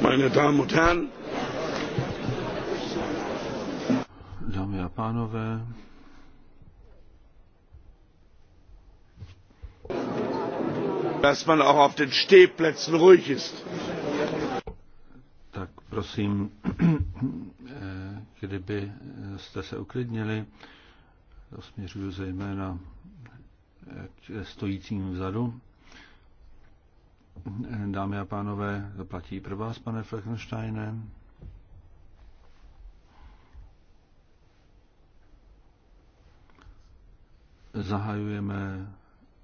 Meine Damen und Herren, Dámy a pánové, dass man auch auf den Stehplätzen ruhig ist. Tak prosím, eh, kdyby eh, jste se uklidnili, to směřuju zejména k eh, stojícím vzadu. Dámy a pánové, platí pro vás, pane Flechensteine. Zahajujeme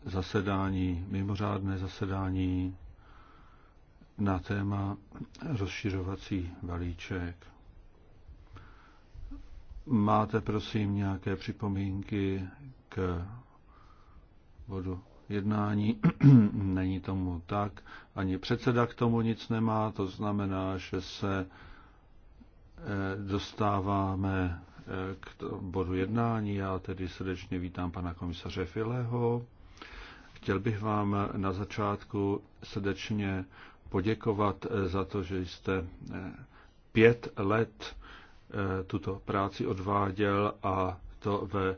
zasedání, mimořádné zasedání na téma rozšiřovací balíček. Máte prosím nějaké připomínky k bodu jednání. Není tomu tak. Ani předseda k tomu nic nemá, to znamená, že se eh, dostáváme eh, k bodu jednání. Já tedy srdečně vítám pana komisaře Fileho. Chtěl bych vám na začátku srdečně poděkovat eh, za to, že jste pět let tuto práci odváděl a to ve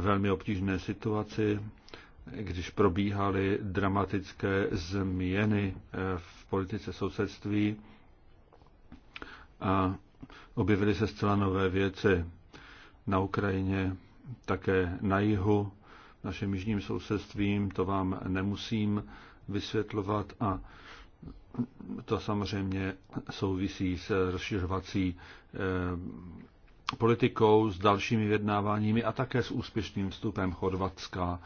velmi obtížné situaci když probíhaly dramatické změny eh, v politice sousedství a objevily se zcela nové věci na Ukrajině, také na jihu, našem jižním sousedstvím, to vám nemusím vysvětlovat a to samozřejmě souvisí s rozšiřovací eh, politikou, s dalšími vyjednáváními a také s úspěšným vstupem Chorvatska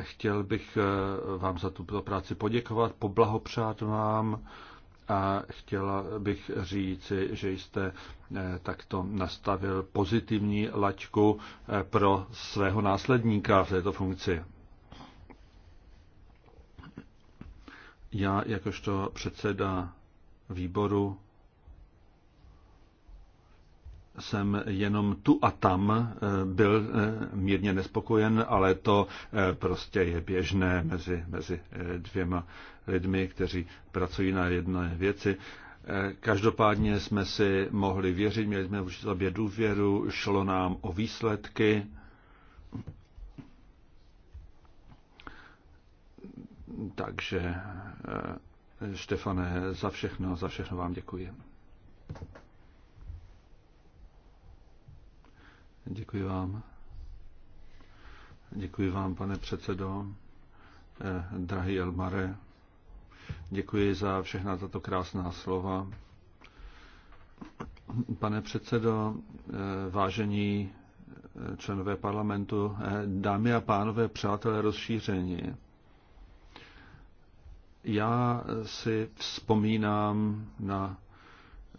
Chtěl bych eh, vám za tuto práci poděkovat, poblahopřát vám a chtěla bych říci, že jste eh, takto nastavil pozitivní laťku eh, pro svého následníka v této funkci. Já jakožto předseda výboru jsem jenom tu a tam eh, byl eh, mírně nespokojen, ale to eh, prostě je běžné mezi, mezi dvěma lidmi, kteří pracují na jedné věci. Každopádně jsme si mohli věřit, měli jsme v sobě důvěru, šlo nám o výsledky. Takže Štefane, za všechno, za všechno vám děkuji. Děkuji vám. Děkuji vám, pane předsedo. Eh, drahý Elmare, děkuji za všechna tato krásná slova. Pane předsedo, eh, vážení eh, členové parlamentu, eh, dámy a pánové, přátelé rozšíření. Já si vzpomínám na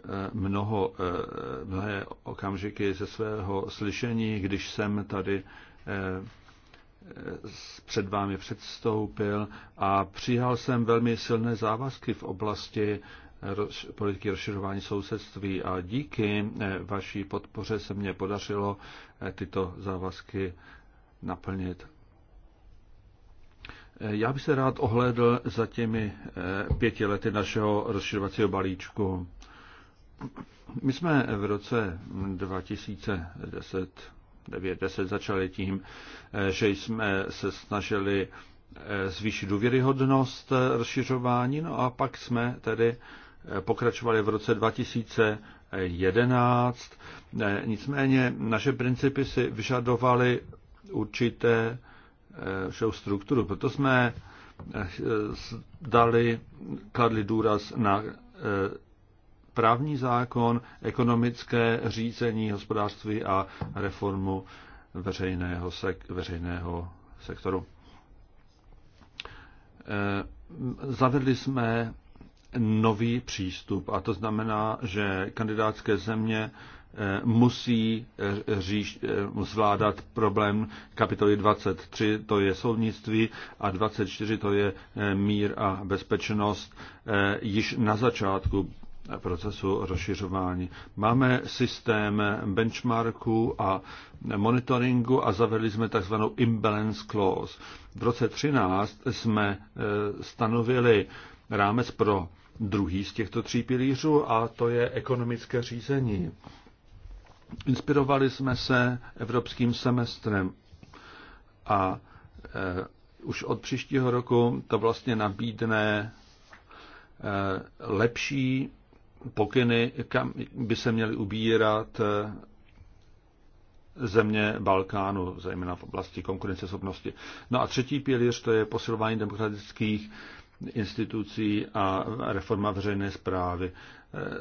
Eh, mnoho, eh, mnohé okamžiky ze svého slyšení, když jsem tady eh, před vámi předstoupil a přijal jsem velmi silné závazky v oblasti politiky rozšiřování sousedství a díky vaší podpoře se mně podařilo tyto závazky naplnit. Já bych se rád ohlédl za těmi pěti lety našeho rozšiřovacího balíčku. My jsme v roce 2010 9, 10 začali tím, že jsme se snažili eh, zvýšit důvěryhodnost eh, rozšiřování, no a pak jsme tedy eh, pokračovali v roce 2011. Nicméně naše principy si vyžadovaly určité všeho strukturu, proto jsme dali, kladli důraz na právní zákon, ekonomické řízení hospodářství a reformu veřejného, sek- veřejného sektoru. Eh, zavedli jsme nový přístup a to znamená, že kandidátské země eh, musí eh, říš, zvládat problém kapitoly 23, to je soudnictví, a 24, to je mír a bezpečnost, již na začátku procesu rozšiřování. Máme systém benchmarku a monitoringu a zavedli jsme tzv. imbalance clause. V roce 13 jsme e, stanovili rámec pro druhý z těchto tří pilířů a to je ekonomické řízení. Inspirovali jsme se evropským semestrem a e, už od příštího roku to vlastně nabídne e, lepší pokyny, kam by se měly ubírat eh, země Balkánu, zejména v oblasti konkurenceschopnosti. No a třetí pilíř to je posilování demokratických institucí a reforma veřejné zprávy.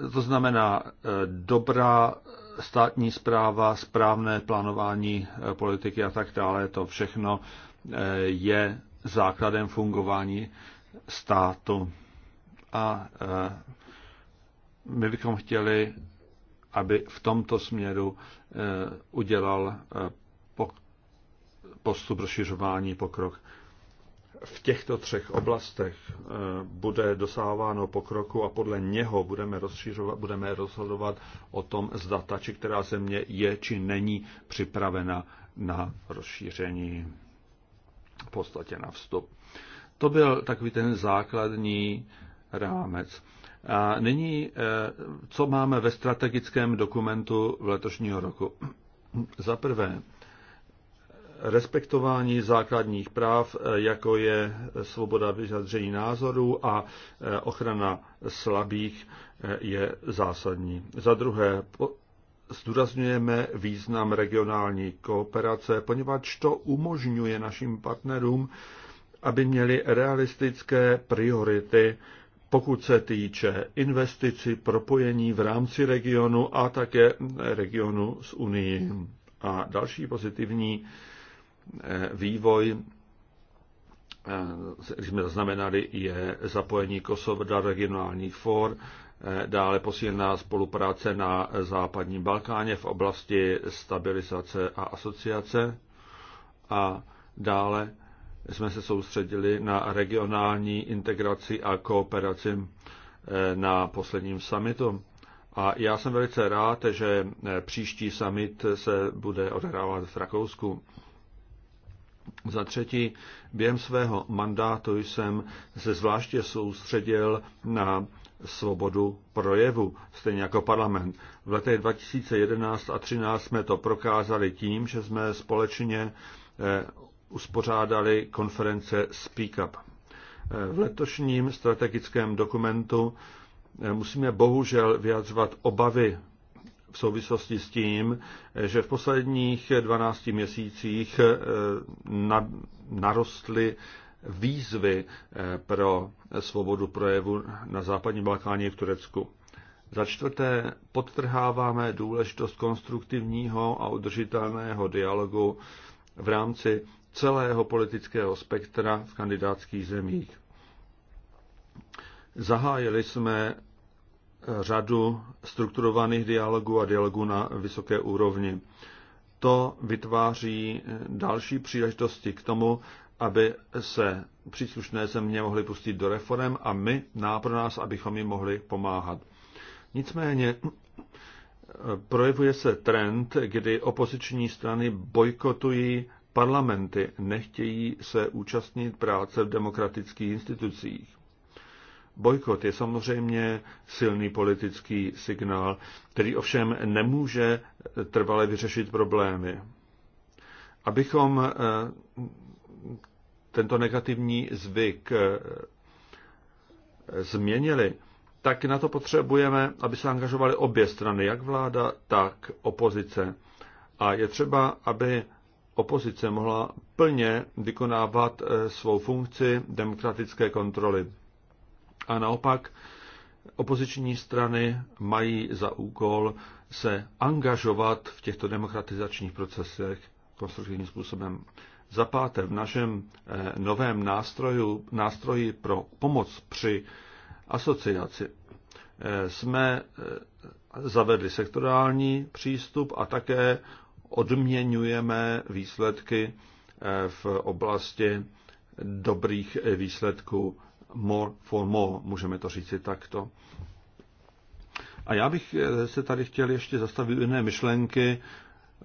Eh, to znamená eh, dobrá státní zpráva, správné plánování politiky a tak dále. To všechno je základem fungování státu. A my bychom chtěli, aby v tomto směru eh, udělal eh, postup rozšiřování pokrok. V těchto třech oblastech eh, bude dosáváno pokroku a podle něho budeme, rozšiřovat, budeme rozhodovat o tom, zda ta či která země je či není připravena na rozšíření v podstatě na vstup. To byl takový ten základní rámec. A nyní, eh, co máme ve strategickém dokumentu v letošního roku? Za prvé, respektování základních práv, eh, jako je svoboda vyjadření názorů a eh, ochrana slabých je zásadní. Za druhé, zdůrazňujeme význam regionální kooperace, poněvadž to umožňuje našim partnerům, aby měli realistické priority pokud se týče investici, propojení v rámci regionu a také regionu s Unii. A další pozitivní eh, vývoj, eh, když jsme zaznamenali, je zapojení Kosova do regionálních for, eh, dále posílená spolupráce na západním Balkáně v oblasti stabilizace a asociace a dále jsme se soustředili na regionální integraci a kooperaci eh, na posledním summitu. A já jsem velice rád, že eh, příští summit se bude odehrávat v Rakousku. Za třetí, během svého mandátu jsem se zvláště soustředil na svobodu projevu, stejně jako parlament. V letech 2011 a 2013 jsme to prokázali tím, že jsme společně eh, uspořádali konference Speak Up. V letošním strategickém dokumentu eh, musíme bohužel vyjadřovat obavy v souvislosti s tím, eh, že v posledních 12 měsících eh, narostly výzvy pro svobodu projevu na západním Balkáně v Turecku. Za čtvrté, podtrháváme důležitost konstruktivního a udržitelného dialogu v rámci celého politického spektra v kandidátských zemích. Zahájili jsme eh, řadu strukturovaných dialogů a dialogů na vysoké úrovni. To vytváří eh, další příležitosti k tomu, aby se příslušné země mohly pustit do reform a my, ná pro nás, abychom jim mohli pomáhat. Nicméně eh, projevuje se trend, kdy opoziční strany bojkotují parlamenty nechtějí se účastnit práce v demokratických institucích. Bojkot je samozřejmě silný politický signál, který ovšem nemůže trvale vyřešit problémy. Abychom eh, tento negativní zvyk eh, změnili, tak na to potřebujeme, aby se angažovaly obě strany, jak vláda, tak opozice. A je třeba, aby opozice mohla plně vykonávat eh, svou funkci demokratické kontroly. A naopak opoziční strany mají za úkol se angažovat v těchto demokratizačních procesech konstruktivním způsobem. Za páté, v našem eh, novém nástroju, nástroji pro pomoc při asociaci eh, jsme zavedli sektorální přístup a také odměňujeme výsledky eh, v oblasti dobrých výsledků more for more, můžeme to říci takto. A já bych eh, se tady chtěl ještě zastavit jiné myšlenky,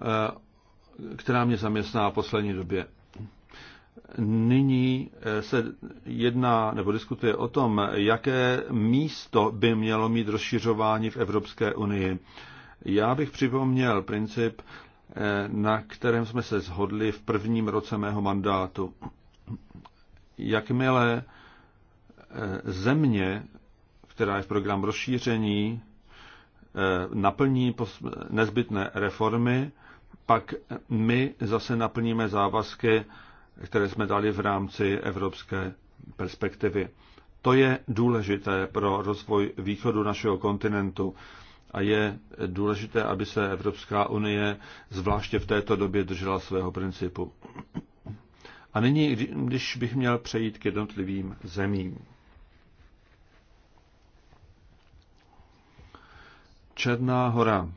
eh, která mě zaměstná v poslední době. Nyní se jedná nebo diskutuje o tom, jaké místo by mělo mít rozšiřování v Evropské unii. Já bych připomněl princip Eh, na kterém jsme se shodli v prvním roce mého mandátu. Jakmile eh, země, která je v programu rozšíření, eh, naplní nezbytné reformy, pak my zase naplníme závazky, které jsme dali v rámci evropské perspektivy. To je důležité pro rozvoj východu našeho kontinentu a je důležité, aby se Evropská unie zvláště v této době držela svého principu. A nyní, když bych měl přejít k jednotlivým zemím. Černá hora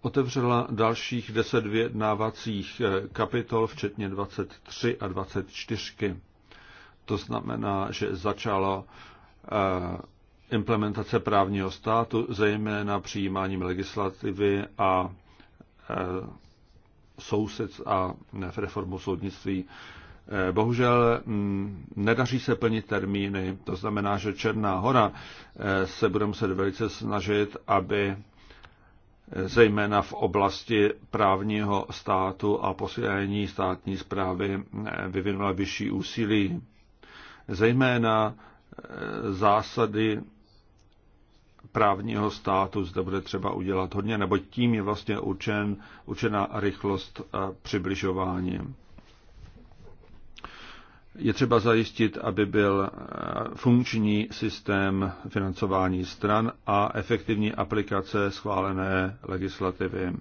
otevřela dalších deset vyjednávacích eh, kapitol, včetně 23 a 24. To znamená, že začalo eh, implementace právního státu, zejména přijímáním legislativy a e, soused a v reformu soudnictví. E, bohužel nedaří se plnit termíny, to znamená, že Černá hora e, se bude muset velice snažit, aby zejména v oblasti právního státu a posílení státní zprávy vyvinula vyšší úsilí. Zejména zásady právního státu zde bude třeba udělat hodně, nebo tím je vlastně určen, určená rychlost přibližování. Je třeba zajistit, aby byl eh, funkční systém financování stran a efektivní aplikace schválené legislativy.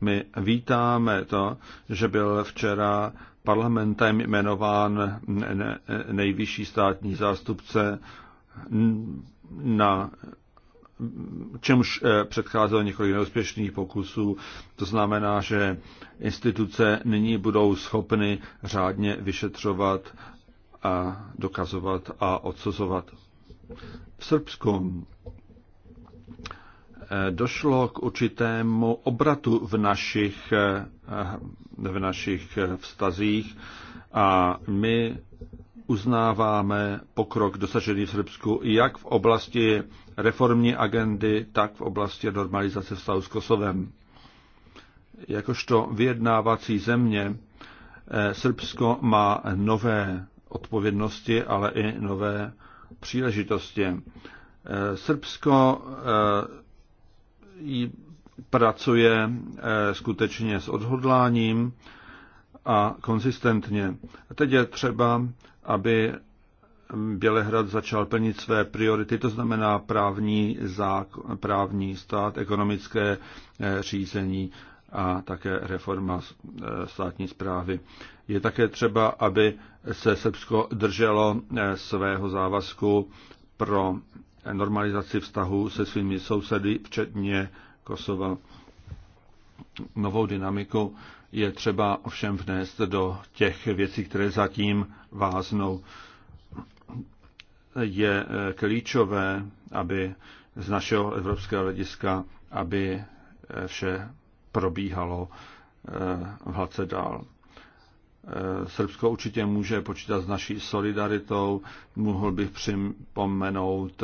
My vítáme to, že byl včera parlamentem jmenován nejvyšší státní zástupce na čemž eh, předcházelo několik neúspěšných pokusů. To znamená, že instituce nyní budou schopny řádně vyšetřovat a dokazovat a odsuzovat. V Srbsku eh, došlo k určitému obratu v našich, eh, v našich vztazích a my uznáváme pokrok dosažený v Srbsku jak v oblasti reformní agendy, tak v oblasti normalizace vztahu s Kosovem. Jakožto vyjednávací země eh, Srbsko má nové odpovědnosti, ale i nové příležitosti. Eh, Srbsko eh, pracuje skutečně s odhodláním a konzistentně. Teď je třeba aby Bělehrad začal plnit své priority, to znamená právní, zákon, právní stát, ekonomické eh, řízení a také reforma eh, státní zprávy. Je také třeba, aby se Srbsko drželo eh, svého závazku pro normalizaci vztahu se svými sousedy, včetně Kosova. Novou dynamiku je třeba ovšem vnést do těch věcí, které zatím váznou. Je eh, klíčové, aby z našeho evropského hlediska, aby eh, vše probíhalo v eh, hladce dál. Srbsko určitě může počítat s naší solidaritou. Mohl bych připomenout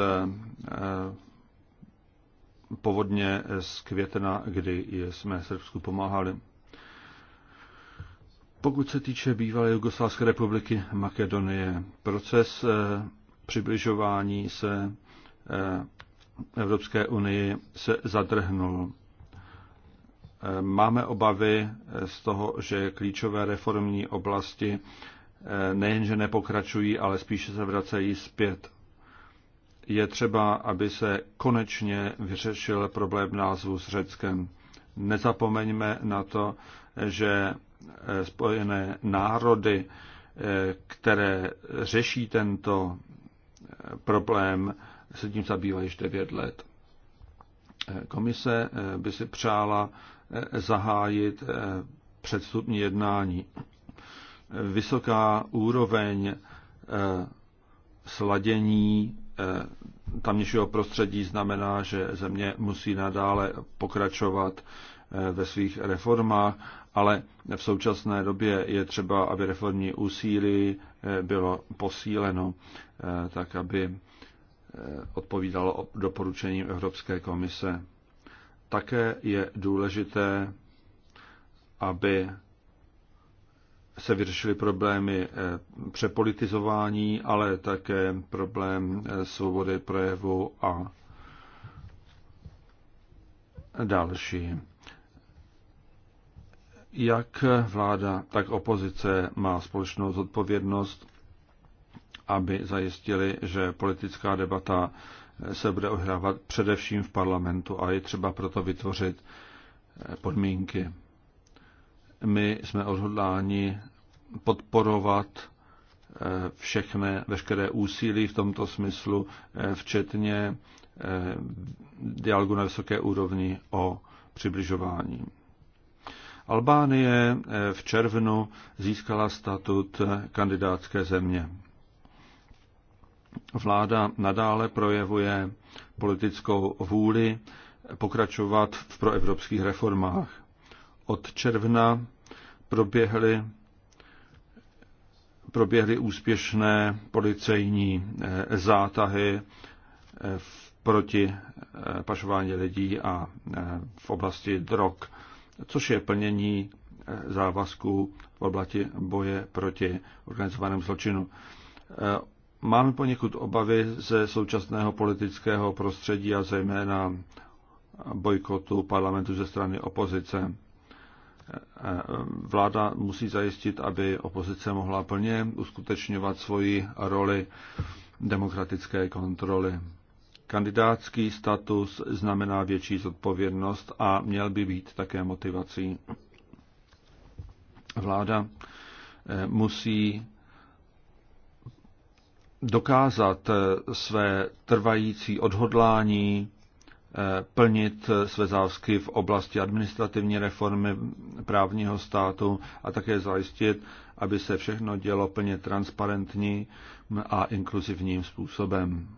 povodně z května, kdy jsme Srbsku pomáhali. Pokud se týče bývalé Jugoslávské republiky Makedonie, proces eh, přibližování se eh, Evropské unii se zadrhnul. Eh, máme obavy z toho, že klíčové reformní oblasti nejenže nepokračují, ale spíše se vracejí zpět. Je třeba, aby se konečně vyřešil problém názvu s Řeckem. Nezapomeňme na to, že Eh, spojené národy, eh, které řeší tento eh, problém, se tím zabývají již 9 let. Komise by si přála zahájit předstupní jednání. Vysoká úroveň sladění tamnějšího prostředí znamená, že země musí nadále pokračovat ve svých reformách ale v současné době je třeba, aby reformní úsilí eh, bylo posíleno, eh, tak aby eh, odpovídalo doporučením Evropské komise. Také je důležité, aby se vyřešily problémy přepolitizování, ale také problém svobody projevu a další jak vláda, tak opozice má společnou zodpovědnost, aby zajistili, že politická debata se bude ohrávat především v parlamentu a je třeba proto vytvořit eh, podmínky. My jsme odhodláni podporovat eh, všechny, veškeré úsilí v tomto smyslu, eh, včetně dialogu na vysoké úrovni o přibližování. Albánie eh, v červnu získala statut eh, kandidátské země. Vláda nadále projevuje politickou vůli eh, pokračovat v proevropských reformách. Od června proběhly, proběhly úspěšné policejní zátahy v proti pašování lidí a v oblasti drog což je plnění eh, závazků v oblasti boje proti organizovanému zločinu. Eh, Máme poněkud obavy ze současného politického prostředí a zejména bojkotu parlamentu ze strany opozice. Eh, vláda musí zajistit, aby opozice mohla plně uskutečňovat svoji roli demokratické kontroly. Kandidátský status znamená větší zodpovědnost a měl by být také motivací. Vláda eh, musí dokázat eh, své trvající odhodlání eh, plnit své závazky v oblasti administrativní reformy právního státu a také zajistit, aby se všechno dělo plně transparentní a inkluzivním způsobem.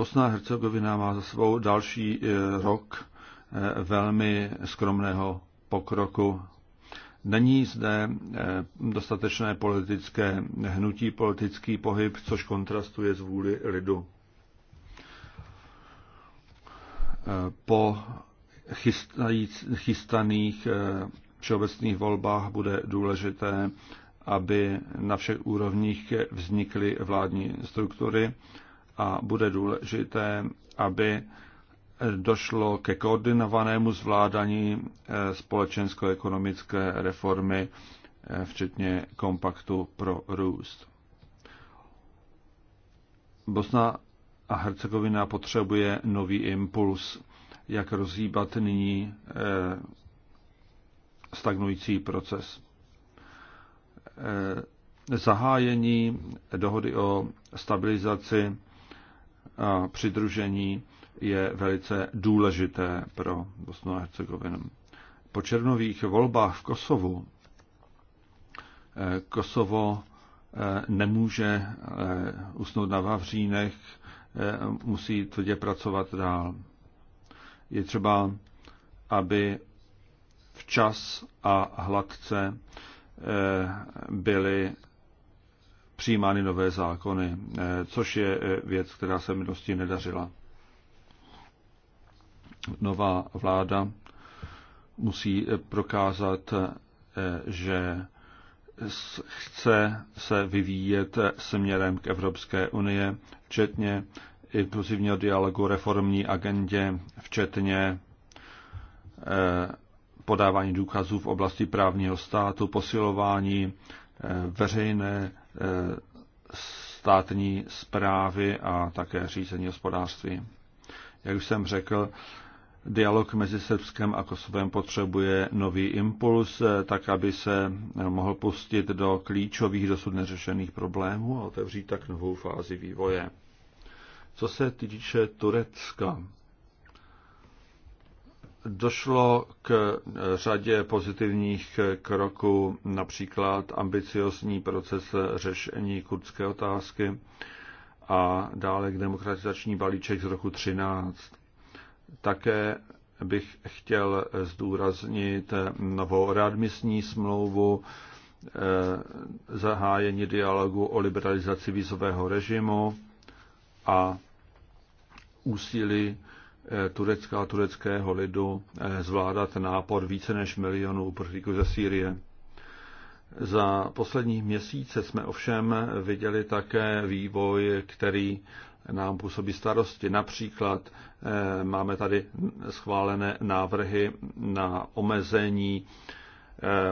Bosna a Hercegovina má za svou další eh, rok eh, velmi skromného pokroku. Není zde eh, dostatečné politické hnutí, politický pohyb, což kontrastuje s vůli lidu. Po chystaných všeobecných volbách bude důležité, aby na všech úrovních vznikly vládní struktury a bude důležité, aby došlo ke koordinovanému zvládání eh, společensko-ekonomické reformy, eh, včetně kompaktu pro růst. Bosna a Hercegovina potřebuje nový impuls, jak rozhýbat nyní eh, stagnující proces. Zahájení dohody o stabilizaci a přidružení je velice důležité pro Bosnu a Hercegovinu. Po červnových volbách v Kosovu eh, Kosovo eh, nemůže eh, usnout na Vavřínech, musí tvrdě pracovat dál. Je třeba, aby včas a hladce byly přijímány nové zákony, eh, což je eh, věc, která se minulosti nedařila. Nová vláda musí eh, prokázat, že chce se vyvíjet směrem k Evropské unie, včetně inkluzivního dialogu, reformní agendě, včetně podávání důkazů v oblasti právního státu, posilování veřejné Eh, státní zprávy a také řízení hospodářství. Jak už jsem řekl, dialog mezi Srbskem a Kosovem potřebuje nový impuls, eh, tak aby se eh, mohl pustit do klíčových dosud neřešených problémů a otevřít tak novou fázi vývoje. Co se týče Turecka, Došlo k řadě pozitivních kroků, například ambiciozní proces řešení kurdské otázky a dále k demokratizační balíček z roku 13. Také bych chtěl zdůraznit novou readmisní smlouvu, eh, zahájení dialogu o liberalizaci vízového režimu a úsilí Eh, Turecka a tureckého lidu eh, zvládat nápor více než milionů uprchlíků ze Sýrie. Za poslední měsíce jsme ovšem viděli také vývoj, který nám působí starosti. Například eh, máme tady schválené návrhy na omezení,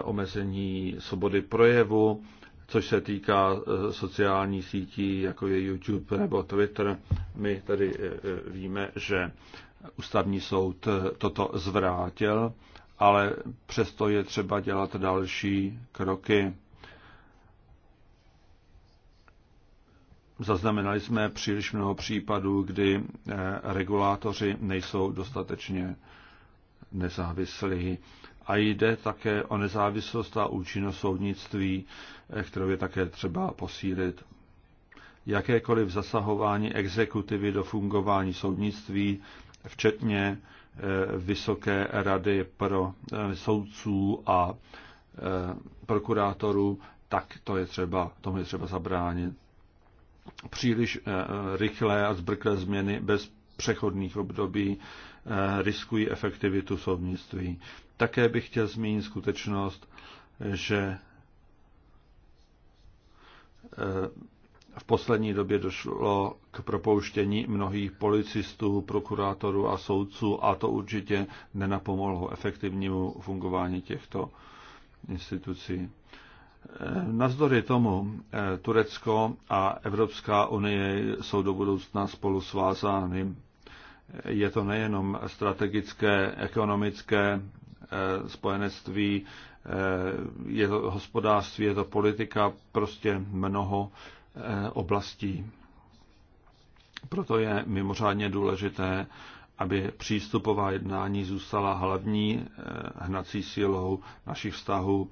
omezení svobody projevu, což se týká sociálních sítí, jako je YouTube nebo Twitter. My tady víme, že Ústavní soud toto zvrátil, ale přesto je třeba dělat další kroky. Zaznamenali jsme příliš mnoho případů, kdy eh, regulátoři nejsou dostatečně nezávislí. A jde také o nezávislost a účinnost soudnictví, eh, kterou je také třeba posílit. Jakékoliv zasahování exekutivy do fungování soudnictví včetně eh, Vysoké rady pro eh, soudců a eh, prokurátorů, tak to je třeba, tomu je třeba zabránit. Příliš rychlé a zbrklé změny bez přechodných období riskují efektivitu soudnictví. Také bych chtěl zmínit skutečnost, že v poslední době došlo k propouštění mnohých policistů, prokurátorů a soudců a to určitě nenapomohlo efektivnímu fungování těchto institucí. Navzdory tomu eh, Turecko a Evropská unie jsou do budoucna spolu svázány. Je to nejenom strategické, ekonomické eh, spojenectví, eh, je to hospodářství, je to politika, prostě mnoho Eh, oblastí. Proto je mimořádně důležité, aby přístupová jednání zůstala hlavní eh, hnací sílou našich vztahů.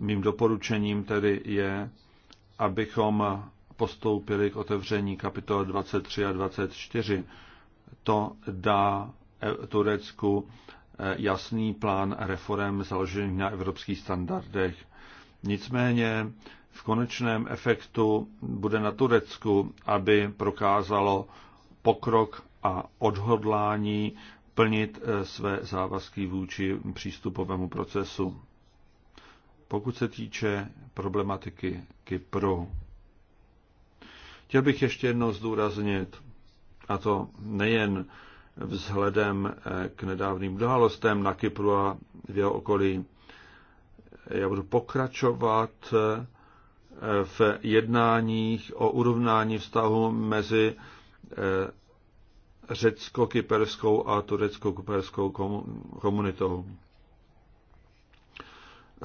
Mým doporučením tedy je, abychom postoupili k otevření kapitol 23 a 24. To dá eh, Turecku jasný plán reform založených na evropských standardech. Nicméně v konečném efektu bude na Turecku, aby prokázalo pokrok a odhodlání plnit eh, své závazky vůči přístupovému procesu. Pokud se týče problematiky Kypru, chtěl bych ještě jednou zdůraznit, a to nejen vzhledem eh, k nedávným událostem na Kypru a v jeho okolí, já budu pokračovat eh, v jednáních o urovnání vztahu mezi eh, řecko-kyperskou a turecko-kyperskou komunitou.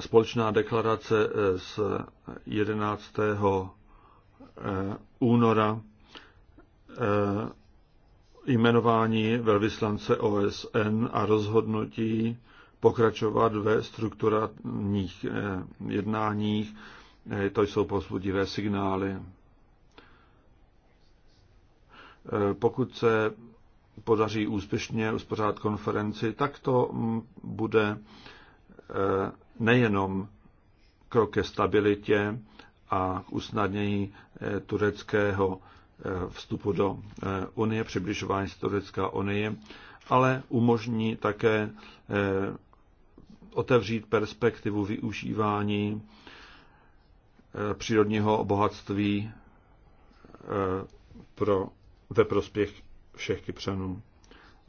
Společná deklarace eh, z 11. Eh, února jmenování velvyslance OSN a rozhodnutí pokračovat ve strukturálních jednáních to jsou pozbudivé signály. E, pokud se podaří úspěšně uspořádat konferenci, tak to bude e, nejenom krok ke stabilitě a k usnadnění e, tureckého vstupu do Unie, přibližování se Turecká unie, ale umožní také otevřít perspektivu využívání Eh, přírodního bohatství eh, pro, ve prospěch všech Kypřanů.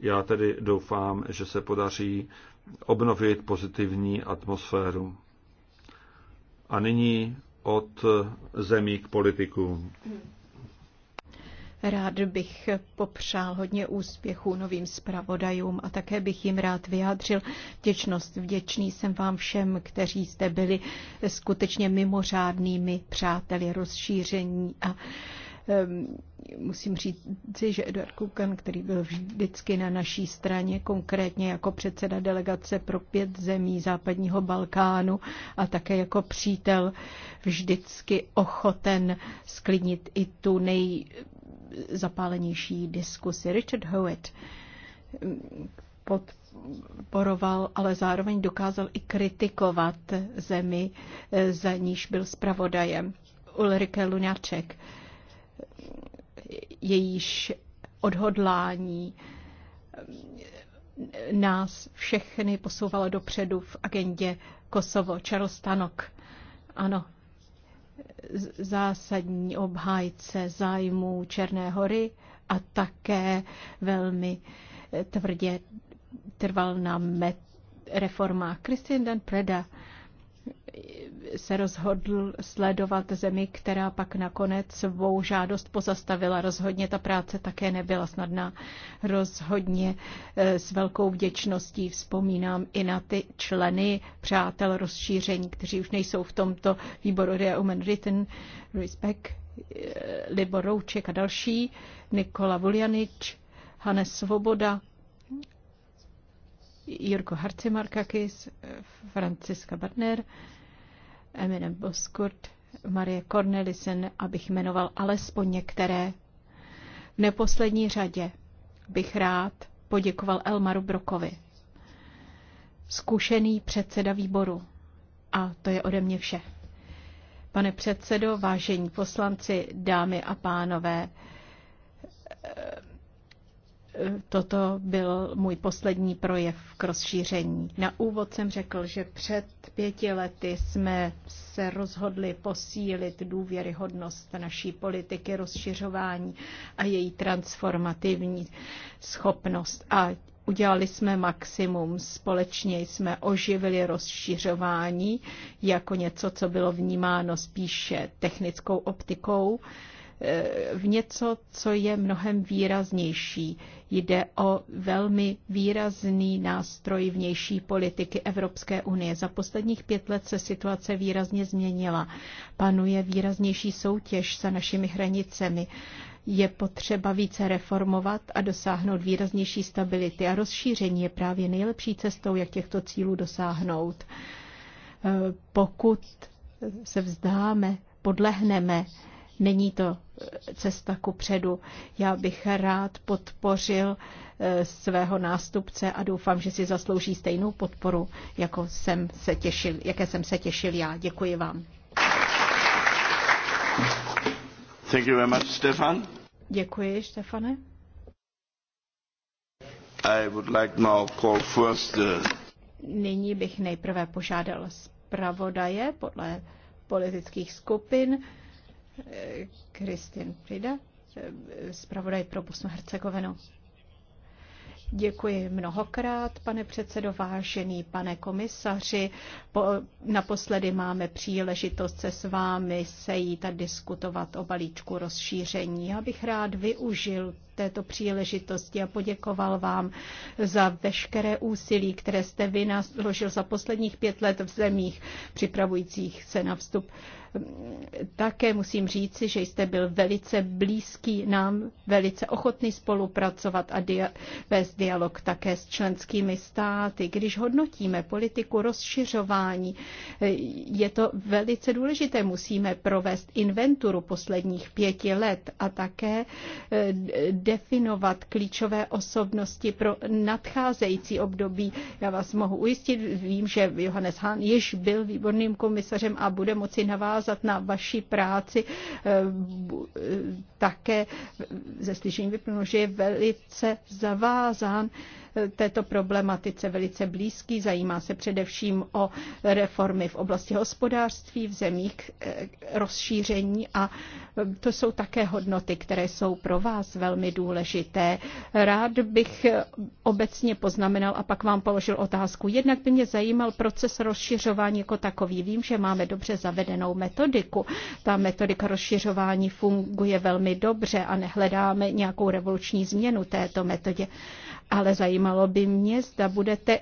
Já tedy doufám, že se podaří obnovit pozitivní atmosféru. A nyní od zemí k politikům. Hmm. Rád bych popřál hodně úspěchů novým zpravodajům a také bych jim rád vyjádřil vděčnost. Vděčný jsem vám všem, kteří jste byli skutečně mimořádnými přáteli rozšíření a musím říct, že Eduard Kukan, který byl vždycky na naší straně, konkrétně jako předseda delegace pro pět zemí západního Balkánu a také jako přítel vždycky ochoten sklidnit i tu nej zapálenější diskusy. Richard Howitt podporoval, ale zároveň dokázal i kritikovat zemi, za níž byl zpravodajem. Ulrike Luňaček, jejíž odhodlání nás všechny posouvalo dopředu v agendě Kosovo. Charles Tanok, ano, zásadní obhájce zájmů Černé hory a také velmi eh, tvrdě trval na met reformách. Christian Dan Preda se rozhodl sledovat zemi, která pak nakonec svou žádost pozastavila. Rozhodně ta práce také nebyla snadná. Rozhodně eh, s velkou vděčností vzpomínám i na ty členy přátel rozšíření, kteří už nejsou v tomto výboru Reumen Ritten, Respect, eh, Libor Rouček a další, Nikola Vuljanič, Hanes Svoboda, Jirko Harcimarkakis, Franciska Badner, Eminem Boskurt, Marie Cornelissen, abych jmenoval alespoň některé. V neposlední řadě bych rád poděkoval Elmaru Brokovi, zkušený předseda výboru. A to je ode mě vše. Pane předsedo, vážení poslanci, dámy a pánové, toto byl můj poslední projev k rozšíření. Na úvod jsem řekl, že před pěti lety jsme se rozhodli posílit důvěryhodnost naší politiky rozšiřování a její transformativní schopnost. A udělali jsme maximum. Společně jsme oživili rozšiřování jako něco, co bylo vnímáno spíše technickou optikou Eh, v něco, co je mnohem výraznější. Jde o velmi výrazný nástroj vnější politiky Evropské unie. Za posledních pět let se situace výrazně změnila. Panuje výraznější soutěž za našimi hranicemi je potřeba více reformovat a dosáhnout výraznější stability a rozšíření je právě nejlepší cestou, jak těchto cílů dosáhnout. Eh, pokud se vzdáme, podlehneme, není to cesta ku předu. Já bych rád podpořil eh, svého nástupce a doufám, že si zaslouží stejnou podporu, jako jsem se těšil, jaké jsem se těšil já. Děkuji vám. Thank you very much, Stefan. Děkuji, Stefane. I would like now call first the... Nyní bych nejprve požádal zpravodaje podle politických skupin Kristin Frida, zpravodaj pro Bosnu Hercegovinu. Děkuji mnohokrát, pane předsedo, vážený pane komisaři. Po, naposledy máme příležitost se s vámi sejít a diskutovat o balíčku rozšíření. Já bych rád využil této příležitosti a poděkoval vám za veškeré úsilí, které jste vy vynaložil za posledních pět let v zemích připravujících se na vstup. Také musím říci, že jste byl velice blízký nám, velice ochotný spolupracovat a dia- vést dialog také s členskými státy. Když hodnotíme politiku rozšiřování, je to velice důležité. Musíme provést inventuru posledních pěti let a také eh, definovat klíčové osobnosti pro nadcházející období. Já vás mohu ujistit, vím, že Johannes Hahn již byl výborným komisařem a bude moci navázat na vaši práci eh, eh, také ze slyšení vyplnu, že je velice zavázán této problematice velice blízký, zajímá se především o reformy v oblasti hospodářství v zemích eh, rozšíření a eh, to jsou také hodnoty, které jsou pro vás velmi důležité. Rád bych eh, obecně poznamenal a pak vám položil otázku. Jednak by mě zajímal proces rozšiřování jako takový. Vím, že máme dobře zavedenou metodiku. Ta metodika rozšiřování funguje velmi dobře a nehledáme nějakou revoluční změnu této metodě ale zajímalo by mě, zda, budete,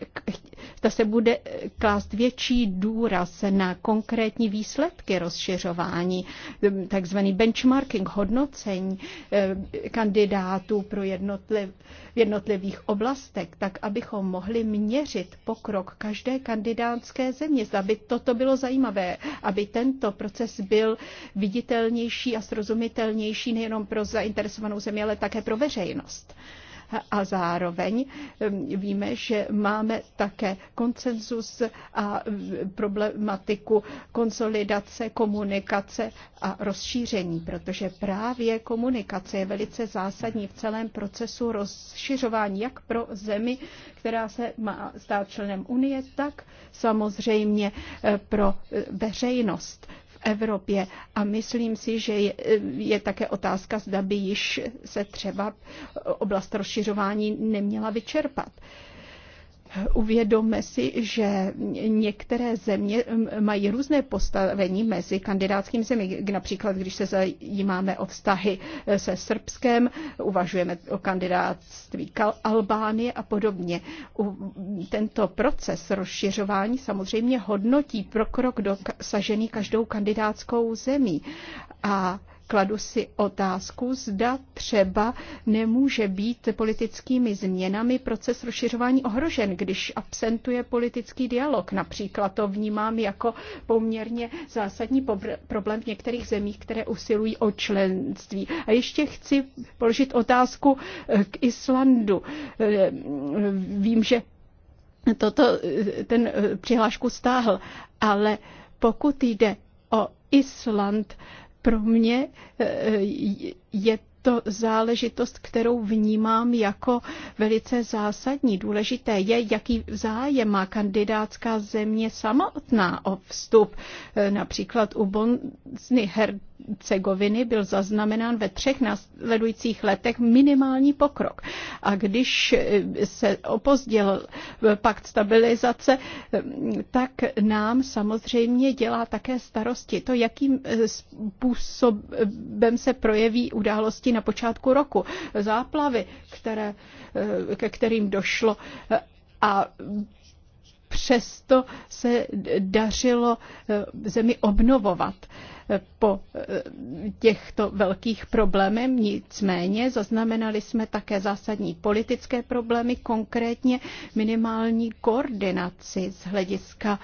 zda se bude klást větší důraz na konkrétní výsledky rozšiřování, takzvaný benchmarking, hodnocení eh, kandidátů pro jednotliv, jednotlivých oblastech, tak abychom mohli měřit pokrok každé kandidátské země, zda by toto bylo zajímavé, aby tento proces byl viditelnější a srozumitelnější nejenom pro zainteresovanou zemi, ale také pro veřejnost a zároveň víme, že máme také koncenzus a problematiku konsolidace, komunikace a rozšíření, protože právě komunikace je velice zásadní v celém procesu rozšiřování jak pro zemi, která se má stát členem Unie, tak samozřejmě eh, pro eh, veřejnost Evropě. A myslím si, že je, je také otázka, zda by již se třeba oblast rozšiřování neměla vyčerpat. Uvědomme si, že některé země mají různé postavení mezi kandidátskými zemi. Například, když se zajímáme o vztahy e, se Srbskem, uvažujeme o kandidátství Albánie a podobně. Tento proces rozšiřování samozřejmě hodnotí pro krok dosažený každou kandidátskou zemí. A kladu si otázku, zda třeba nemůže být politickými změnami proces rozšiřování ohrožen, když absentuje politický dialog. Například to vnímám jako poměrně zásadní problém v některých zemích, které usilují o členství. A ještě chci položit otázku eh, k Islandu. Eh, vím, že toto, eh, ten přihlášku stáhl, ale pokud jde o Island, pro mě eh, je to záležitost, kterou vnímám jako velice zásadní. Důležité je, jaký zájem má kandidátská země samotná o vstup. E, například u Bonzny Hercegoviny byl zaznamenán ve třech následujících letech minimální pokrok. A když e, se opozděl pakt stabilizace, e, tak nám samozřejmě dělá také starosti to, jakým způsobem se projeví události událostí na počátku roku. Záplavy, které, eh, ke kterým došlo. Eh, a přesto se dařilo eh, zemi obnovovat po eh, těchto velkých problémech. Nicméně zaznamenali jsme také zásadní politické problémy, konkrétně minimální koordinaci z hlediska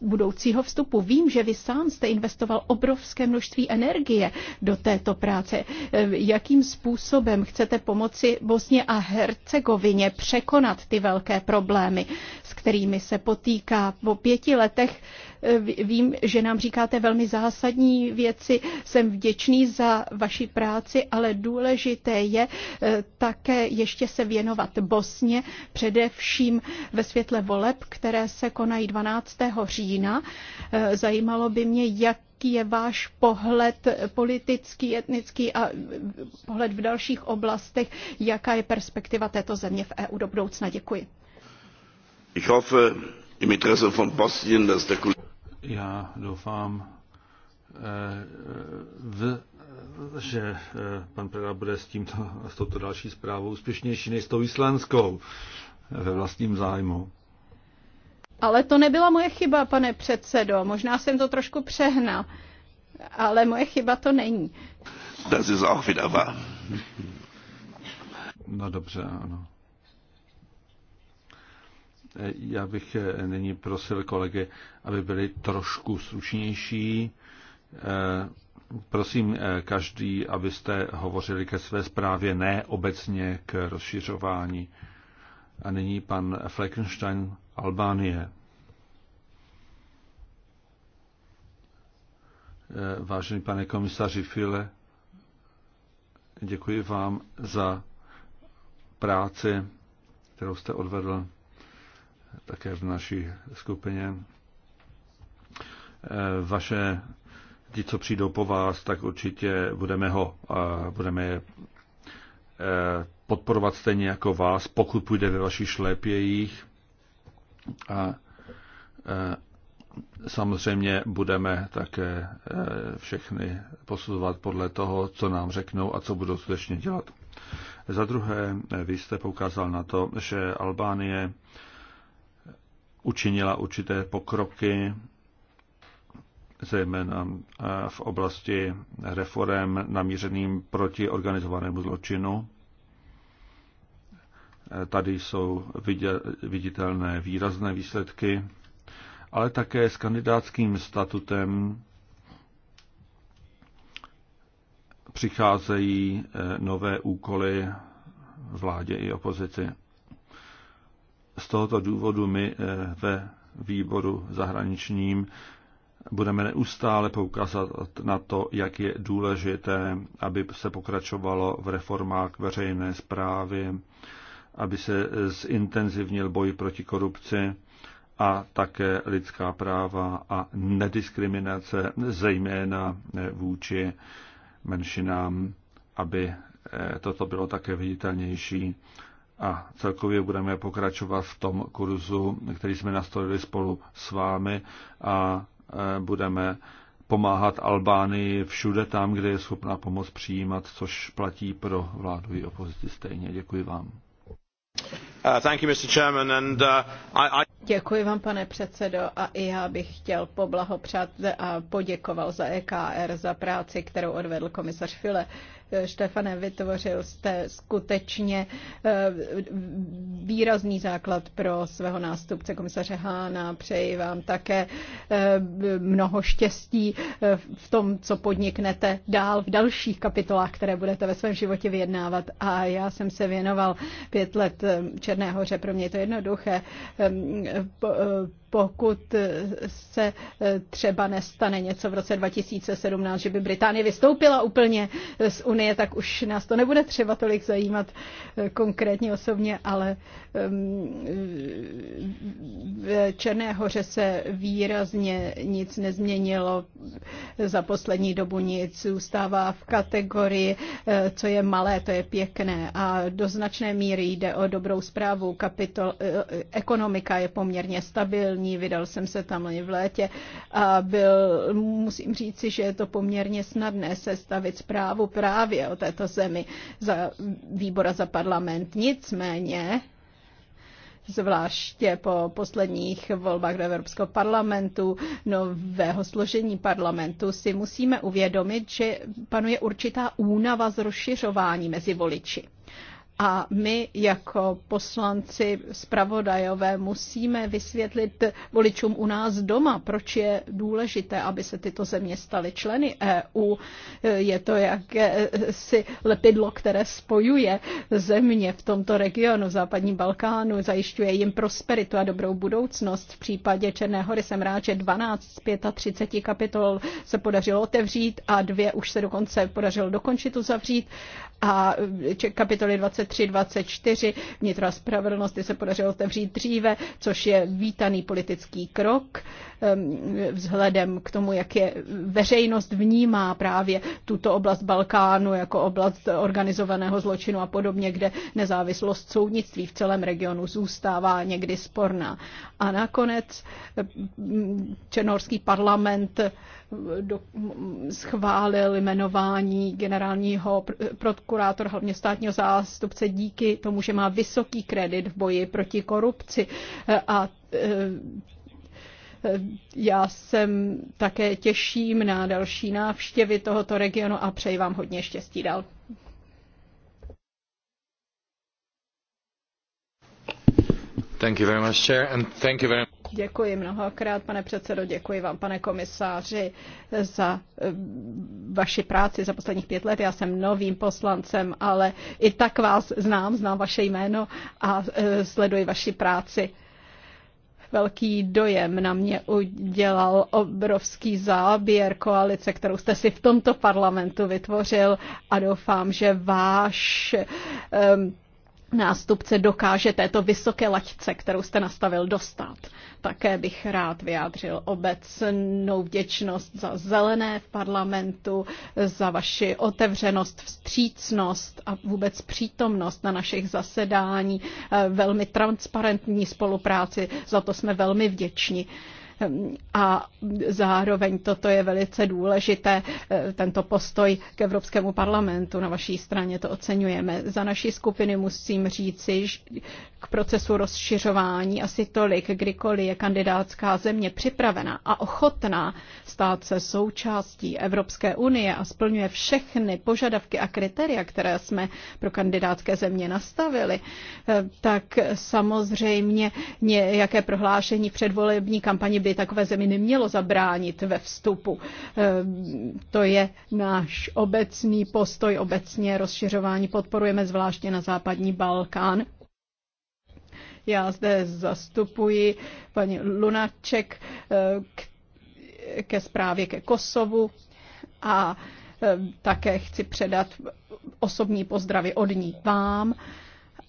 budoucího vstupu. Vím, že vy sám jste investoval obrovské množství energie do této práce. Eh, jakým způsobem chcete pomoci Bosně a Hercegovině překonat ty velké problémy, s kterými se potýká po pěti letech Vím, že nám říkáte velmi zásadní věci. Jsem vděčný za vaši práci, ale důležité je eh, také ještě se věnovat Bosně, především ve světle voleb, které se konají 12. října. Eh, zajímalo by mě, jak jaký je váš pohled politický, etnický a eh, pohled v dalších oblastech, jaká je perspektiva této země v EU do budoucna. Děkuji. Ich hoffe, im Interesse von Bosnien, dass der já doufám, eh, eh, v, že eh, pan Preda bude s, tímto, s touto další zprávou úspěšnější než s tou islandskou ve vlastním zájmu. Ale to nebyla moje chyba, pane předsedo. Možná jsem to trošku přehnal, ale moje chyba to není. Das ist auch wieder wahr. No dobře, ano. Já bych eh, nyní prosil kolegy, aby byli trošku slušnější. Eh, prosím eh, každý, abyste hovořili ke své zprávě, ne obecně k rozšiřování. A nyní pan Fleckenstein Albánie. Vážený pane komisaři File, děkuji vám za práci, kterou jste odvedl také v naší skupině. Eh, vaše, ti, co přijdou po vás, tak určitě budeme ho, budeme je eh, podporovat stejně jako vás, pokud půjde ve vašich šlépějích. A eh, samozřejmě budeme také všechny posuzovat podle toho, co nám řeknou a co budou skutečně dělat. Za druhé, vy jste poukázal na to, že Albánie učinila určité pokroky, zejména eh, v oblasti reform namířeným proti organizovanému zločinu. Eh, tady jsou viditelné výrazné výsledky, ale také s kandidátským statutem přicházejí eh, nové úkoly vládě i opozici z tohoto důvodu my eh, ve výboru zahraničním budeme neustále poukazat na to, jak je důležité, aby se pokračovalo v reformách veřejné zprávy, aby se zintenzivnil boj proti korupci a také lidská práva a nediskriminace, zejména eh, vůči menšinám, aby eh, toto bylo také viditelnější a celkově budeme pokračovat v tom kurzu, který jsme nastolili spolu s vámi a e, budeme pomáhat Albánii všude tam, kde je schopná pomoc přijímat, což platí pro vládu i opozici stejně. Děkuji vám. Uh, uh, Děkuji vám, pane předsedo, a i já bych chtěl poblahopřát a poděkoval za EKR, za práci, kterou odvedl komisař File. Štefane, vytvořil jste skutečně eh, výrazný základ pro svého nástupce komisaře Hána. Přeji vám také eh, mnoho štěstí eh, v tom, co podniknete dál v dalších kapitolách, které budete ve svém životě vyjednávat. A já jsem se věnoval pět let Černé hoře. Pro mě je to jednoduché. Ehm, eh, pokud se eh, třeba nestane něco v roce 2017, že by Británie vystoupila úplně z Unie, tak už nás to nebude třeba tolik zajímat eh, konkrétně osobně, ale ehm, v Černé hoře se výrazně nic nezměnilo za poslední dobu nic, zůstává v kategorii, co je malé, to je pěkné a do značné míry jde o dobrou zprávu zprávu. Kapitol, eh, eh, ekonomika je poměrně stabilní, vydal jsem se tam v létě a byl, musím říci, že je to poměrně snadné sestavit zprávu právě o této zemi za výbora za parlament. Nicméně zvláště po posledních volbách do Evropského parlamentu, nového složení parlamentu, si musíme uvědomit, že panuje určitá únava z rozšiřování mezi voliči. A my jako poslanci zpravodajové musíme vysvětlit voličům u nás doma, proč je důležité, aby se tyto země staly členy EU. Je to jakési lepidlo, které spojuje země v tomto regionu, v západním Balkánu, zajišťuje jim prosperitu a dobrou budoucnost. V případě Černé hory jsem rád, že 12 z 35 kapitol se podařilo otevřít a dvě už se dokonce podařilo dokončit uzavřít a kapitoly 23-24 vnitra spravedlnosti se podařilo otevřít dříve, což je vítaný politický krok Ehm, vzhledem k tomu, jak je veřejnost vnímá právě tuto oblast Balkánu jako oblast organizovaného zločinu a podobně, kde nezávislost soudnictví v celém regionu zůstává někdy sporná. A nakonec ehm, Černorský parlament ehm, do, schválil jmenování generálního prokurátora, hlavně státního zástupce, díky tomu, že má vysoký kredit v boji proti korupci e, a já jsem také těším na další návštěvy tohoto regionu a přeji vám hodně štěstí dál. Thank you very much, Chair, and thank you very much. Děkuji mnohokrát, pane předsedo, děkuji vám, pane komisáři, za eh, vaši práci za posledních pět let. Já jsem novým poslancem, ale i tak vás znám, znám vaše jméno a eh, sleduji vaši práci velký dojem. Na mě udělal obrovský záběr koalice, kterou jste si v tomto parlamentu vytvořil a doufám, že váš um, nástupce dokáže této vysoké laťce, kterou jste nastavil, dostat. Také bych rád vyjádřil obecnou vděčnost za zelené v parlamentu, za vaši otevřenost, vstřícnost a vůbec přítomnost na našich zasedání, eh, velmi transparentní spolupráci, za to jsme velmi vděční. A zároveň toto je velice důležité, eh, tento postoj k Evropskému parlamentu na vaší straně, to oceňujeme. Za naší skupiny musím říci k procesu rozšiřování asi tolik, kdykoliv je kandidátská země připravena a ochotná stát se součástí Evropské unie a splňuje všechny požadavky a kritéria, které jsme pro kandidátské země nastavili, eh, tak samozřejmě nějaké prohlášení předvolební kampani by by takové zemi nemělo zabránit ve vstupu. Ehm, to je náš obecný postoj. Obecně rozšiřování podporujeme zvláště na západní Balkán. Já zde zastupuji paní Lunaček ehm, ke zprávě ke Kosovu a ehm, také chci předat osobní pozdravy od ní vám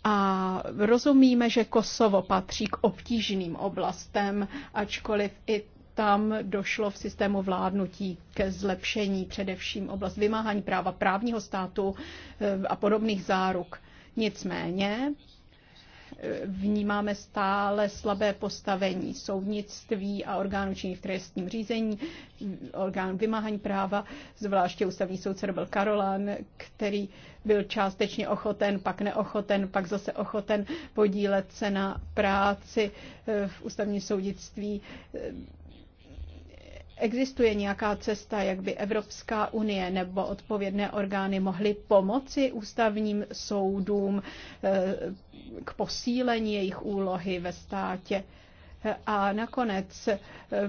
a rozumíme, že Kosovo patří k obtížným oblastem, ačkoliv i tam došlo v systému vládnutí ke zlepšení, především oblast vymáhání práva právního státu eh, a podobných záruk. Nicméně vnímáme stále slabé postavení soudnictví a orgánů činných v trestním řízení, orgán vymáhání práva, zvláště ústavní soudce byl Karolán, který byl částečně ochoten, pak neochoten, pak zase ochoten podílet se na práci eh, v ústavním soudnictví Existuje nějaká cesta, jak by Evropská unie nebo odpovědné orgány mohly pomoci ústavním soudům eh, k posílení jejich úlohy ve státě? A nakonec eh,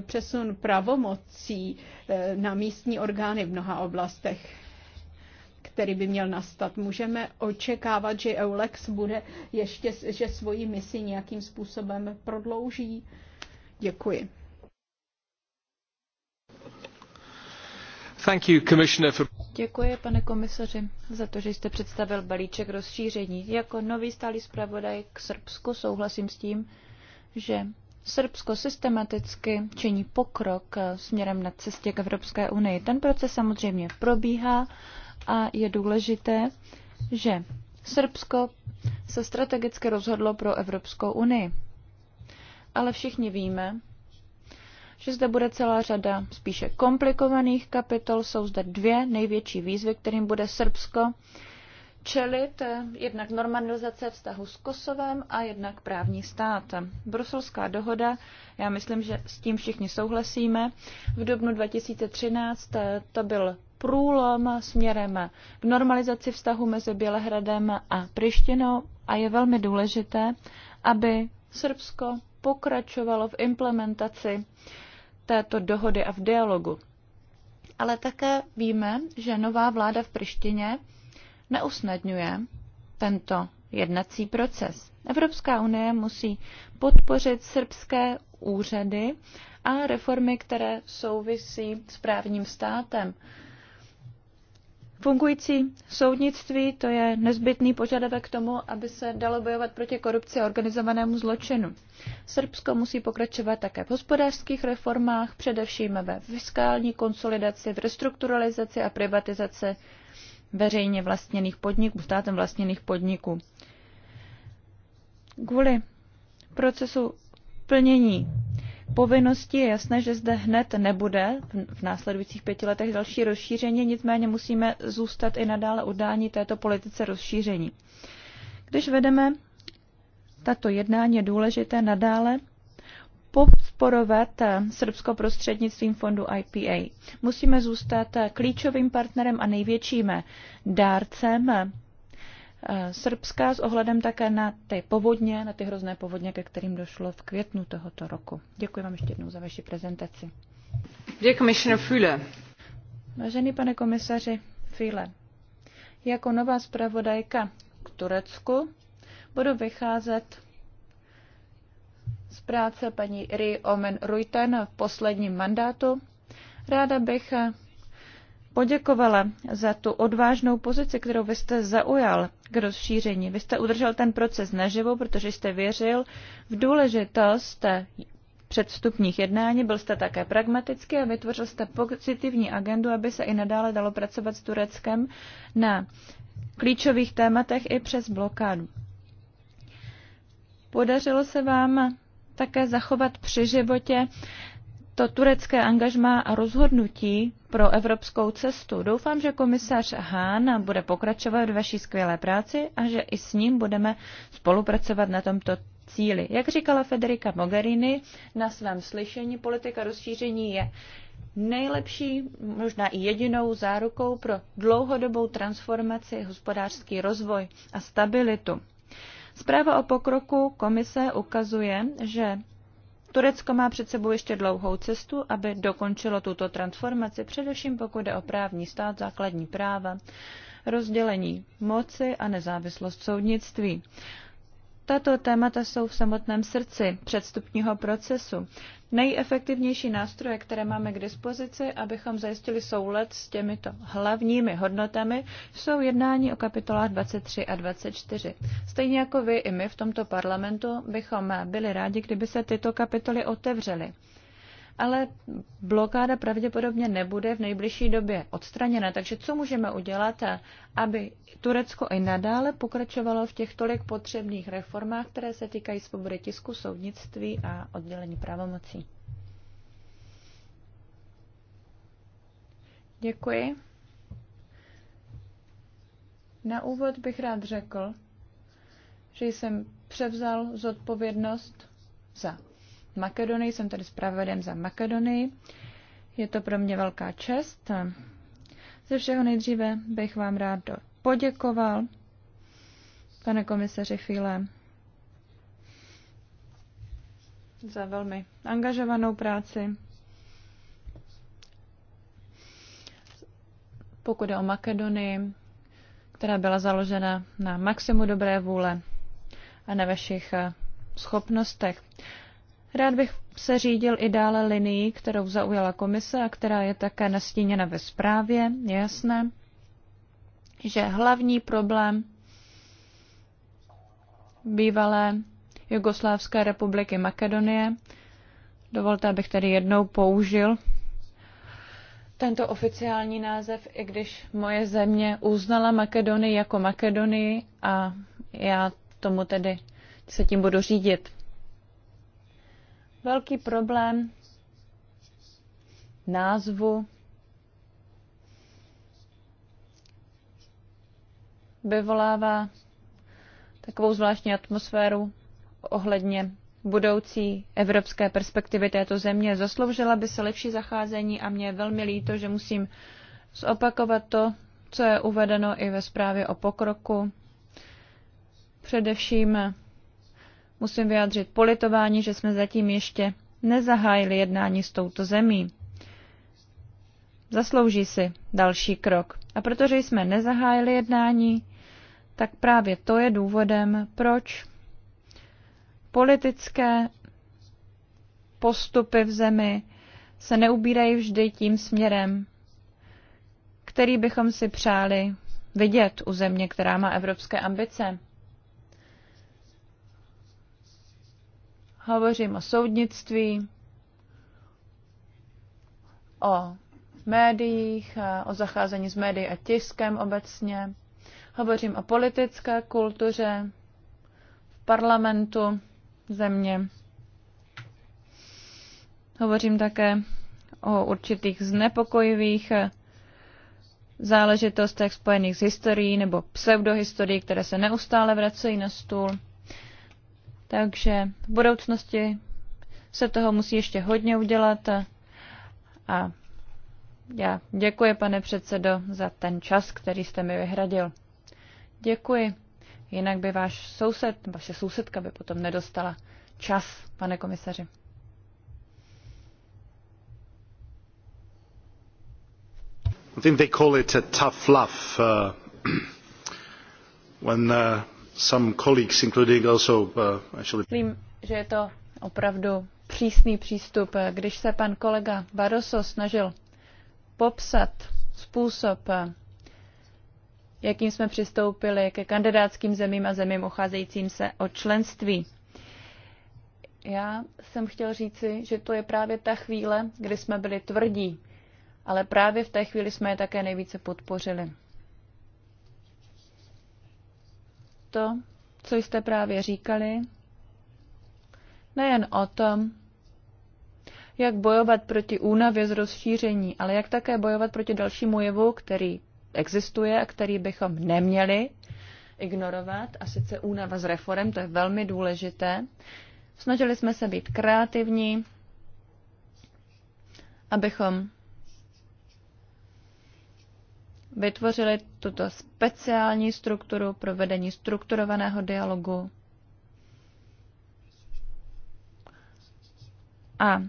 přesun pravomocí eh, na místní orgány v mnoha oblastech který by měl nastat. Můžeme očekávat, že Eulex bude ještě, že svoji misi nějakým způsobem prodlouží. Děkuji. Děkuji, pane komisaři, za to, že jste představil balíček rozšíření. Jako nový stálý zpravodaj k Srbsku souhlasím s tím, že Srbsko systematicky činí pokrok eh, směrem na cestě k Evropské unii. Ten proces samozřejmě probíhá a je důležité, že Srbsko se strategicky rozhodlo pro Evropskou unii. Ale všichni víme, že zde bude celá řada spíše komplikovaných kapitol. Jsou zde dvě největší výzvy, kterým bude Srbsko čelit jednak normalizace vztahu s Kosovem a jednak právní stát. Bruselská dohoda, já myslím, že s tím všichni souhlasíme. V dubnu 2013 to byl průlom směrem k normalizaci vztahu mezi Bělehradem a Prištinou a je velmi důležité, aby Srbsko pokračovalo v implementaci této dohody a v dialogu. Ale také víme, že nová vláda v Prištině neusnadňuje tento jednací proces. Evropská unie musí podpořit srbské úřady a reformy, které souvisí s právním státem. Fungující soudnictví to je nezbytný požadavek k tomu, aby se dalo bojovat proti korupci a organizovanému zločinu. Srbsko musí pokračovat také v hospodářských reformách, především ve fiskální konsolidaci, v restrukturalizaci a privatizaci veřejně vlastněných podniků, státem vlastněných podniků. Kvůli procesu plnění Povinnosti Je jasné, že zde hned nebude v následujících pěti letech další rozšíření, nicméně musíme zůstat i nadále udání této politice rozšíření. Když vedeme tato jednání, je důležité nadále podporovat Srbsko prostřednictvím fondu IPA. Musíme zůstat klíčovým partnerem a největším dárcem Eh, Srbska s ohledem také na ty povodně, na ty hrozné povodně, ke kterým došlo v květnu tohoto roku. Děkuji vám ještě jednou za vaši prezentaci. Děkuji, Vážený pane komisaři Fühle, jako nová zpravodajka k Turecku budu vycházet z práce paní Ri Omen Ruiten v posledním mandátu. Ráda bych poděkovala za tu odvážnou pozici, kterou vy jste zaujal k rozšíření. Vy jste udržel ten proces naživu, protože jste věřil v důležitost předstupních jednání, byl jste také pragmatický a vytvořil jste pozitivní agendu, aby se i nadále dalo pracovat s Tureckem na klíčových tématech i přes blokádu. Podařilo se vám také zachovat při životě to turecké angažmá a rozhodnutí pro evropskou cestu. Doufám, že komisař Hahn bude pokračovat ve vaší skvělé práci a že i s ním budeme spolupracovat na tomto cíli. Jak říkala Federica Mogherini na svém slyšení, politika rozšíření je nejlepší, možná i jedinou zárukou pro dlouhodobou transformaci, hospodářský rozvoj a stabilitu. Zpráva o pokroku komise ukazuje, že Turecko má před sebou ještě dlouhou cestu, aby dokončilo tuto transformaci, především pokud jde o právní stát, základní práva, rozdělení moci a nezávislost soudnictví. Tato témata jsou v samotném srdci předstupního procesu. Nejefektivnější nástroje, které máme k dispozici, abychom zajistili soulad s těmito hlavními hodnotami, jsou jednání o kapitolách 23 a 24. Stejně jako vy i my v tomto parlamentu bychom byli rádi, kdyby se tyto kapitoly otevřely ale blokáda pravděpodobně nebude v nejbližší době odstraněna. Takže co můžeme udělat, aby Turecko i nadále pokračovalo v těch tolik potřebných reformách, které se týkají svobody tisku, soudnictví a oddělení pravomocí? Děkuji. Na úvod bych rád řekl, že jsem převzal zodpovědnost za Makedonii, jsem tady zpravodajem za Makedonii. Je to pro mě velká čest. Ze všeho nejdříve bych vám rád poděkoval, pane komisaři File, za velmi angažovanou práci. Pokud je o Makedonii, která byla založena na maximu dobré vůle a na vašich eh, schopnostech. Rád bych se řídil i dále linií, kterou zaujala komise a která je také nastíněna ve zprávě. Je jasné, že hlavní problém bývalé Jugoslávské republiky Makedonie, dovolte, abych tady jednou použil tento oficiální název, i když moje země uznala Makedonii jako Makedonii a já tomu tedy se tím budu řídit velký problém názvu vyvolává takovou zvláštní atmosféru ohledně budoucí evropské perspektivy této země. Zasloužila by se lepší zacházení a mě je velmi líto, že musím zopakovat to, co je uvedeno i ve zprávě o pokroku. Především musím vyjádřit politování, že jsme zatím ještě nezahájili jednání s touto zemí. Zaslouží si další krok. A protože jsme nezahájili jednání, tak právě to je důvodem, proč politické postupy v zemi se neubírají vždy tím směrem, který bychom si přáli vidět u země, která má evropské ambice. Hovořím o soudnictví, o médiích, o zacházení s médií a tiskem obecně. Hovořím o politické kultuře v parlamentu země. Hovořím také o určitých znepokojivých záležitostech spojených s historií nebo pseudohistorií, které se neustále vracejí na stůl. Takže v budoucnosti se toho musí ještě hodně udělat a já děkuji, pane předsedo, za ten čas, který jste mi vyhradil. Děkuji. Jinak by váš soused, vaše sousedka by potom nedostala čas, pane komisaři. I think they call it a tough love uh, when uh, Uh, Myslím, že je to opravdu přísný přístup. Když se pan kolega Barroso snažil popsat způsob, jakým jsme přistoupili ke kandidátským zemím a zemím ucházejícím se o členství. Já jsem chtěl říci, že to je právě ta chvíle, kdy jsme byli tvrdí, ale právě v té chvíli jsme je také nejvíce podpořili. to, co jste právě říkali, nejen o tom, jak bojovat proti únavě z rozšíření, ale jak také bojovat proti dalšímu jevu, který existuje a který bychom neměli ignorovat, a sice únava z reform, to je velmi důležité. Snažili jsme se být kreativní, abychom vytvořili tuto speciální strukturu pro vedení strukturovaného dialogu. A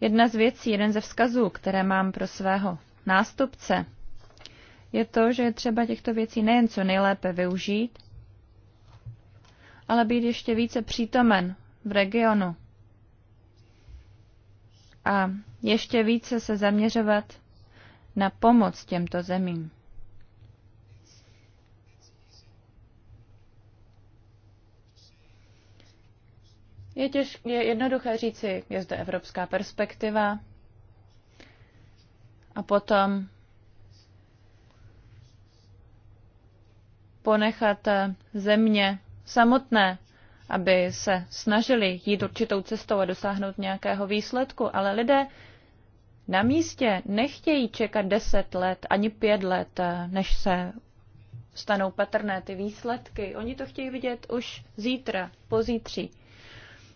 jedna z věcí, jeden ze vzkazů, které mám pro svého nástupce, je to, že je třeba těchto věcí nejen co nejlépe využít, ale být ještě více přítomen v regionu a ještě více se zaměřovat na pomoc těmto zemím. Je, těž, je jednoduché říci, je zde evropská perspektiva a potom ponechat země samotné, aby se snažili jít určitou cestou a dosáhnout nějakého výsledku, ale lidé na místě, nechtějí čekat deset let ani pět let, eh, než se stanou patrné ty výsledky. Oni to chtějí vidět už zítra, pozítří.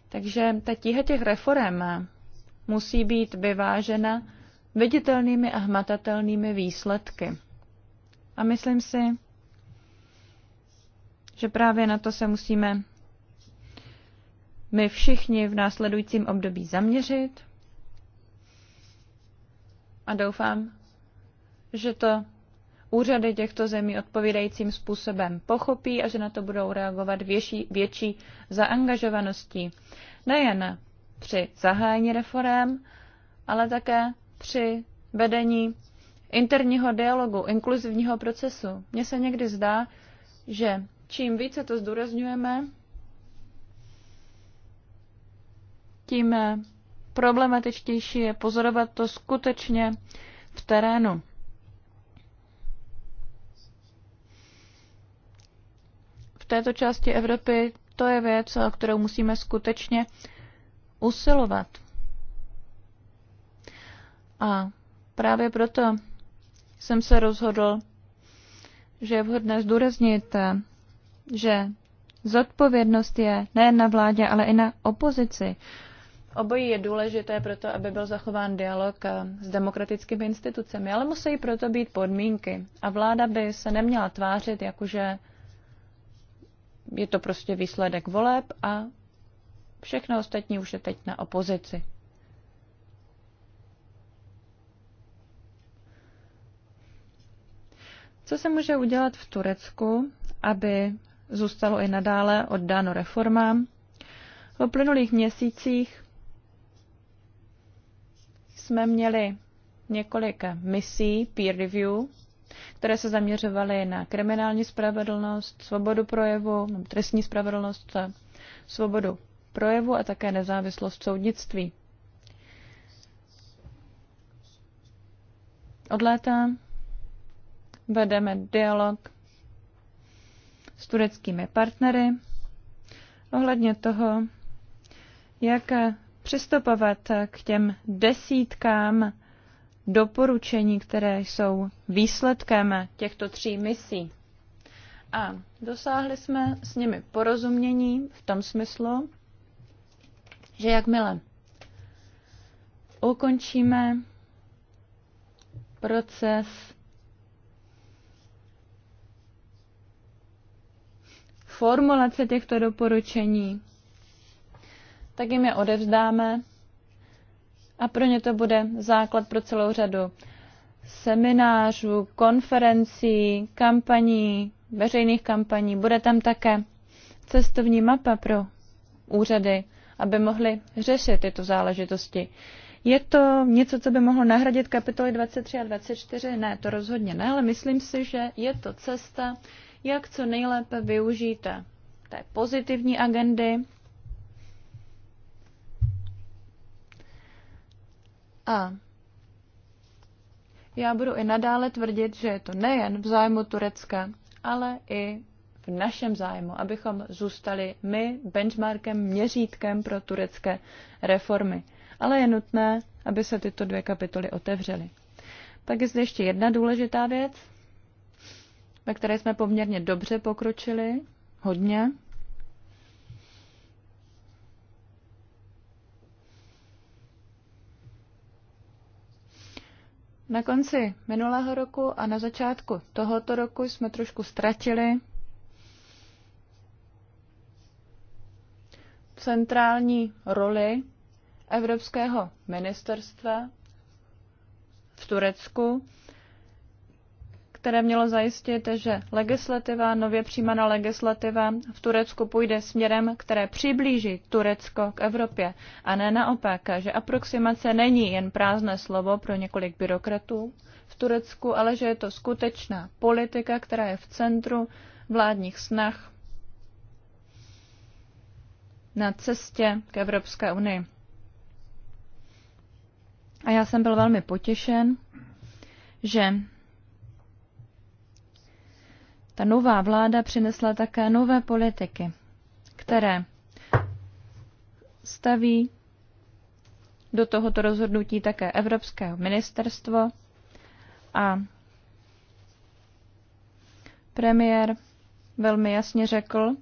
Takže ta tíha těch reform eh, musí být vyvážena viditelnými a hmatatelnými výsledky. A myslím si, že právě na to se musíme my všichni v následujícím období zaměřit a doufám, že to úřady těchto zemí odpovídajícím způsobem pochopí a že na to budou reagovat větší, větší zaangažovaností. Nejen při zahájení reform, ale také při vedení interního dialogu, inkluzivního procesu. Mně se někdy zdá, že čím více to zdůrazňujeme, tím problematičtější je pozorovat to skutečně v terénu. V této části Evropy to je věc, o kterou musíme skutečně usilovat. A právě proto jsem se rozhodl, že je vhodné zdůraznit, že zodpovědnost je nejen na vládě, ale i na opozici. Obojí je důležité pro to, aby byl zachován dialog eh, s demokratickými institucemi, ale musí proto být podmínky. A vláda by se neměla tvářit, jakože je to prostě výsledek voleb a všechno ostatní už je teď na opozici. Co se může udělat v Turecku, aby zůstalo i nadále oddáno reformám? V uplynulých měsících jsme měli několik misí peer review, které se zaměřovaly na kriminální spravedlnost, svobodu projevu, trestní spravedlnost, svobodu projevu a také nezávislost soudnictví. Od léta vedeme dialog s tureckými partnery ohledně toho, jak přistupovat k těm desítkám doporučení, které jsou výsledkem těchto tří misí. A dosáhli jsme s nimi porozumění v tom smyslu, že jakmile ukončíme proces formulace těchto doporučení, tak jim je odevzdáme a pro ně to bude základ pro celou řadu seminářů, konferencí, kampaní, veřejných kampaní. Bude tam také cestovní mapa pro úřady, aby mohly řešit tyto záležitosti. Je to něco, co by mohlo nahradit kapitoly 23 a 24? Ne, to rozhodně ne, ale myslím si, že je to cesta, jak co nejlépe využít té pozitivní agendy A já budu i nadále tvrdit, že je to nejen v zájmu Turecka, ale i v našem zájmu, abychom zůstali my benchmarkem, měřítkem pro turecké reformy. Ale je nutné, aby se tyto dvě kapitoly otevřely. Pak je zde ještě jedna důležitá věc, ve které jsme poměrně dobře pokročili, hodně. Na konci minulého roku a na začátku tohoto roku jsme trošku ztratili centrální roli Evropského ministerstva v Turecku které mělo zajistit, že legislativa, nově přijímaná legislativa v Turecku půjde směrem, které přiblíží Turecko k Evropě a ne naopak, že aproximace není jen prázdné slovo pro několik byrokratů v Turecku, ale že je to skutečná politika, která je v centru vládních snah na cestě k Evropské unii. A já jsem byl velmi potěšen, že ta nová vláda přinesla také nové politiky, které staví do tohoto rozhodnutí také evropského ministerstvo a premiér velmi jasně řekl,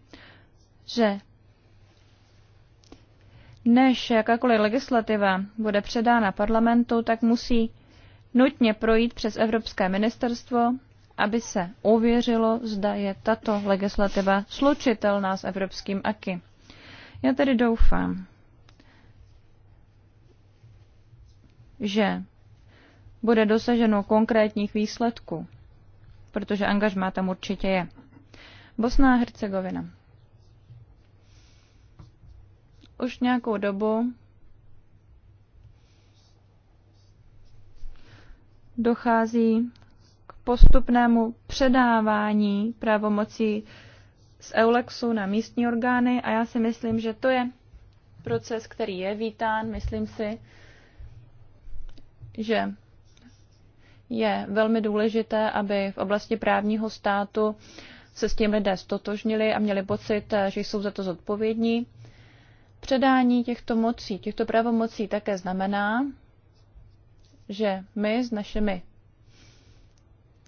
že než jakákoliv legislativa bude předána parlamentu, tak musí nutně projít přes Evropské ministerstvo aby se ověřilo, zda je tato legislativa slučitelná s evropským aky. Já tedy doufám, že bude dosaženo konkrétních výsledků, protože angažmá tam určitě je. Bosna a Hercegovina. Už nějakou dobu dochází postupnému předávání pravomocí z EULEXu na místní orgány a já si myslím, že to je proces, který je vítán. Myslím si, že je velmi důležité, aby v oblasti právního státu se s tím lidé stotožnili a měli pocit, že jsou za to zodpovědní. Předání těchto mocí, těchto pravomocí také znamená, že my s našimi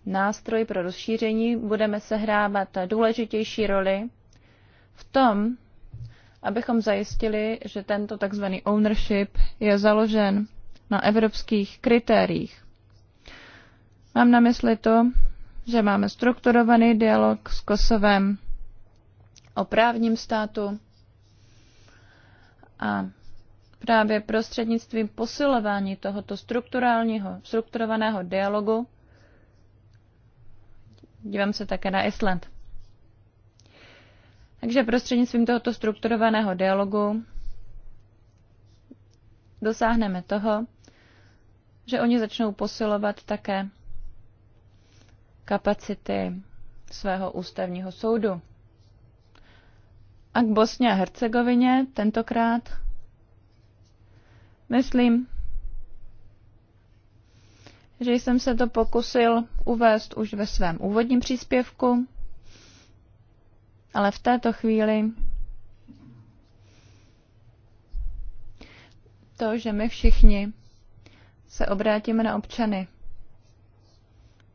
nástroj pro rozšíření budeme sehrávat důležitější roli v tom, abychom zajistili, že tento tzv. ownership je založen na evropských kritériích. Mám na mysli to, že máme strukturovaný dialog s Kosovem o právním státu a právě prostřednictvím posilování tohoto strukturálního, strukturovaného dialogu Dívám se také na Island. Takže prostřednictvím tohoto strukturovaného dialogu dosáhneme toho, že oni začnou posilovat také kapacity svého ústavního soudu. A k Bosně a Hercegovině tentokrát, myslím, že jsem se to pokusil uvést už ve svém úvodním příspěvku, ale v této chvíli to, že my všichni se obrátíme na občany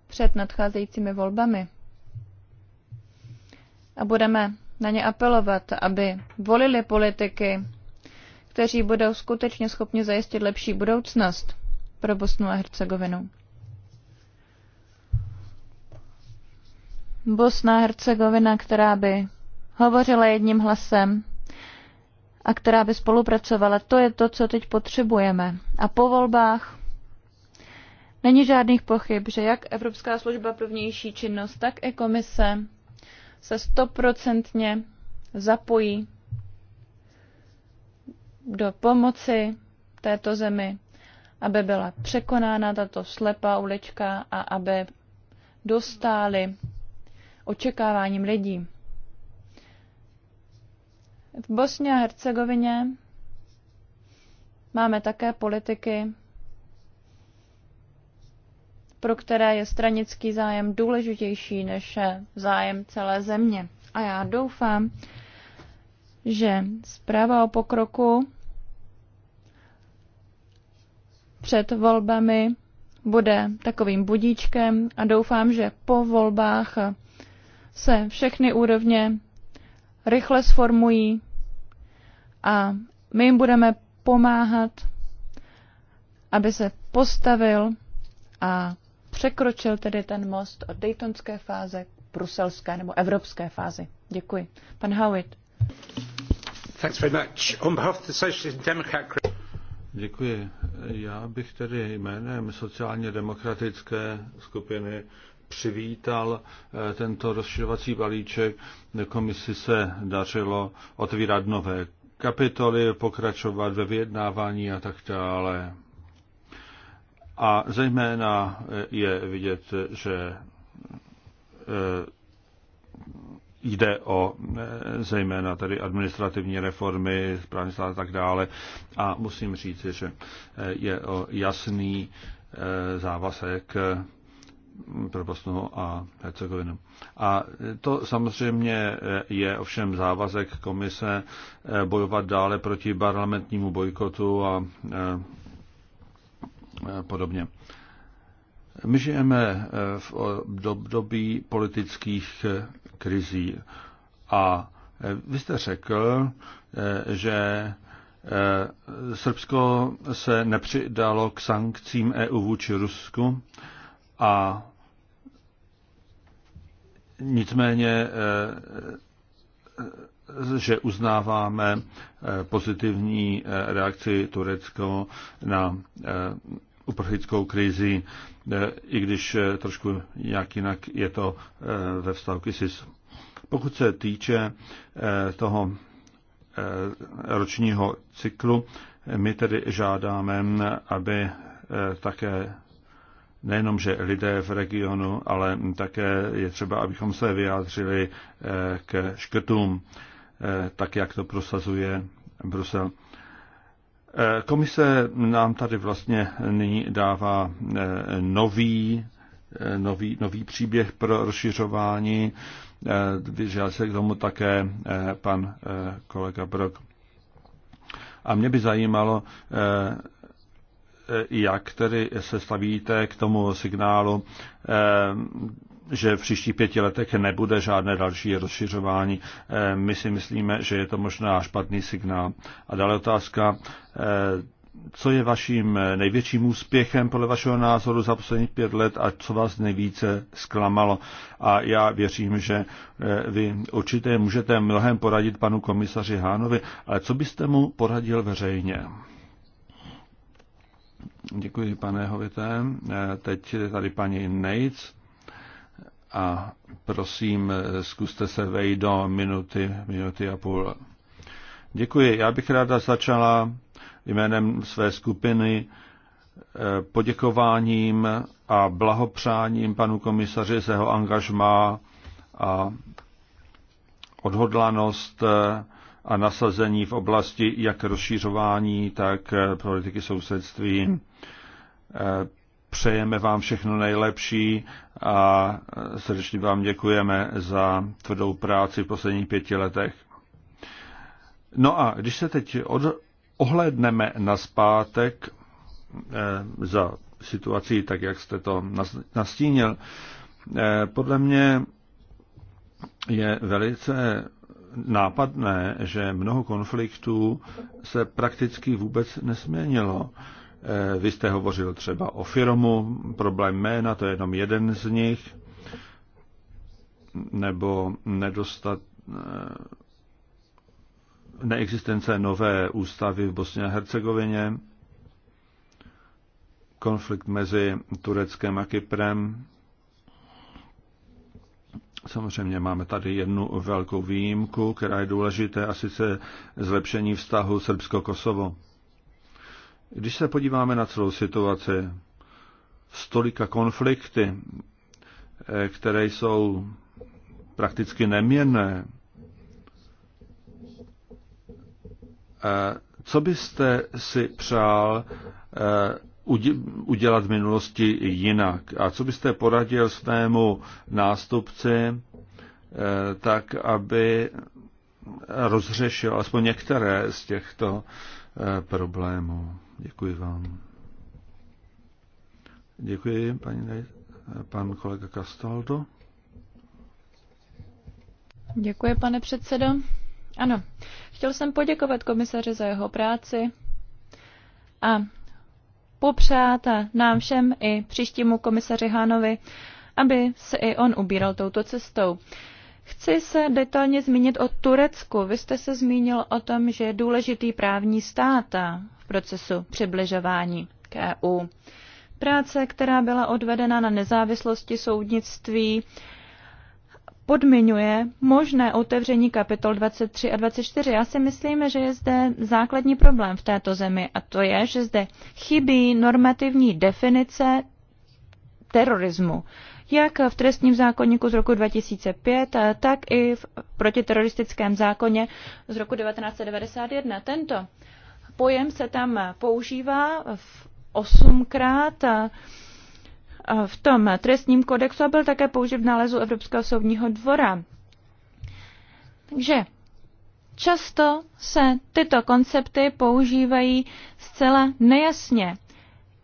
před nadcházejícími volbami a budeme na ně apelovat, aby volili politiky, kteří budou skutečně schopni zajistit lepší budoucnost pro Bosnu a Hercegovinu. Bosna Hercegovina, která by hovořila jedním hlasem a která by spolupracovala. To je to, co teď potřebujeme. A po volbách není žádných pochyb, že jak Evropská služba pro vnější činnost, tak i komise se stoprocentně zapojí do pomoci této zemi, aby byla překonána tato slepá ulička a aby dostáli očekáváním lidí. V Bosně a Hercegovině máme také politiky, pro které je stranický zájem důležitější než zájem celé země. A já doufám, že zpráva o pokroku před volbami bude takovým budíčkem a doufám, že po volbách se všechny úrovně rychle sformují a my jim budeme pomáhat, aby se postavil a překročil tedy ten most od Daytonské fáze k bruselské nebo evropské fázi. Děkuji. Pan Howitt. Thanks very much. On behalf of the Děkuji. Já bych tedy jménem sociálně demokratické skupiny přivítal eh, tento rozširovací balíček. Komisi se dařilo otvírat nové kapitoly, pokračovat ve vyjednávání a tak dále. A zejména eh, je vidět, že eh, jde o zejména tady administrativní reformy, správní stát a tak dále. A musím říct, že je o jasný závazek pro Bosnu a Hercegovinu. A to samozřejmě je ovšem závazek komise eh, bojovat dále proti parlamentnímu bojkotu a eh, eh, podobně. My žijeme v období politických krizí a vy jste řekl, že Srbsko se nepřidalo k sankcím EU vůči Rusku a nicméně, eh, eh, že uznáváme eh, pozitivní reakci Turecko na uprchlickou krizi, i když trošku nějak jinak je to ve vztahu k ISIS. Pokud se týče toho ročního cyklu, my tedy žádáme, aby také nejenom, že lidé v regionu, ale také je třeba, abychom se vyjádřili eh, k škrtům, eh, tak jak to prosazuje Brusel. Eh, komise nám tady vlastně nyní dává nový, nový, nový příběh pro rozšiřování. Vyžel se k tomu také pan kolega Brok. A mě by zajímalo, jak tedy se stavíte k tomu signálu, eh, že v příštích pěti letech nebude žádné další rozšiřování. Eh, my si myslíme, že je to možná špatný signál. A dále otázka, eh, co je vaším největším úspěchem podle vašeho názoru za posledních pět let a co vás nejvíce zklamalo. A já věřím, že vy určitě můžete mnohem poradit panu komisaři Hánovi, ale co byste mu poradil veřejně? Děkuji, pane Hovité. Teď tady paní Nejc a prosím, zkuste se vejít do minuty, minuty a půl. Děkuji. Já bych ráda začala jménem své skupiny eh, poděkováním a blahopřáním panu komisaři za jeho angažmá a odhodlanost eh, a nasazení v oblasti jak rozšířování, tak eh, politiky sousedství. Eh, přejeme vám všechno nejlepší a eh, srdečně vám děkujeme za tvrdou práci v posledních pěti letech. No a když se teď od, ohlédneme na zpátek eh, za situací, tak jak jste to nastínil, eh, podle mě je velice nápadné, že mnoho konfliktů se prakticky vůbec nesměnilo. Eh, vy jste hovořil třeba o firmu, problém jména, to je jenom jeden z nich, nebo nedostat eh, neexistence nové ústavy v Bosně a Hercegovině, konflikt mezi Tureckem a Kyprem, Samozřejmě máme tady jednu velkou výjimku, která je důležitá, a sice zlepšení vztahu Srbsko-Kosovo. Když se podíváme na celou situaci, stolika konflikty, eh, které jsou prakticky neměnné, eh, co byste si přál eh, udělat v minulosti jinak. A co byste poradil svému nástupci, eh, tak aby rozřešil aspoň některé z těchto eh, problémů. Děkuji vám. Děkuji, paní, pan kolega Castaldo. Děkuji, pane předsedo. Ano, chtěl jsem poděkovat komisaři za jeho práci a popřát nám všem i příštímu komisaři Hánovi, aby se i on ubíral touto cestou. Chci se detailně zmínit o Turecku. Vy jste se zmínil o tom, že je důležitý právní stát v procesu přibližování k EU. Práce, která byla odvedena na nezávislosti soudnictví, podmiňuje možné otevření kapitol 23 a 24. Já si myslím, že je zde základní problém v této zemi a to je, že zde chybí normativní definice terorismu. Jak v trestním zákonníku z roku 2005, tak i v protiteroristickém zákoně z roku 1991. Tento pojem se tam používá v osmkrát v tom trestním kodexu a byl také použit v nálezu Evropského soudního dvora. Takže často se tyto koncepty používají zcela nejasně.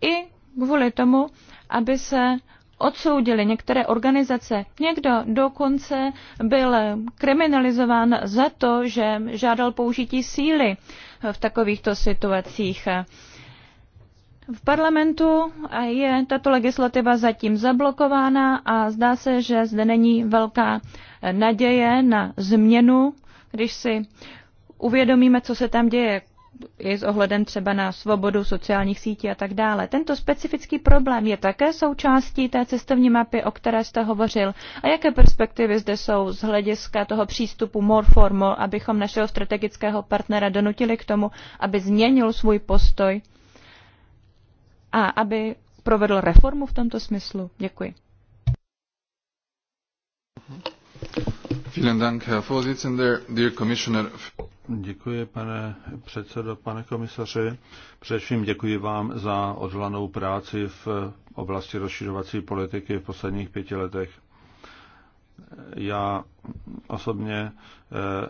I kvůli tomu, aby se odsoudili některé organizace. Někdo dokonce byl kriminalizován za to, že žádal použití síly v takovýchto situacích. V parlamentu je tato legislativa zatím zablokována a zdá se, že zde není velká naděje na změnu, když si uvědomíme, co se tam děje i s ohledem třeba na svobodu sociálních sítí a tak dále. Tento specifický problém je také součástí té cestovní mapy, o které jste hovořil. A jaké perspektivy zde jsou z hlediska toho přístupu more for more, abychom našeho strategického partnera donutili k tomu, aby změnil svůj postoj a aby provedl reformu v tomto smyslu? Děkuji. Děkuji, pane předsedo, pane komisaři. Především děkuji vám za odvolanou práci v oblasti rozšiřovací politiky v posledních pěti letech. Já osobně eh,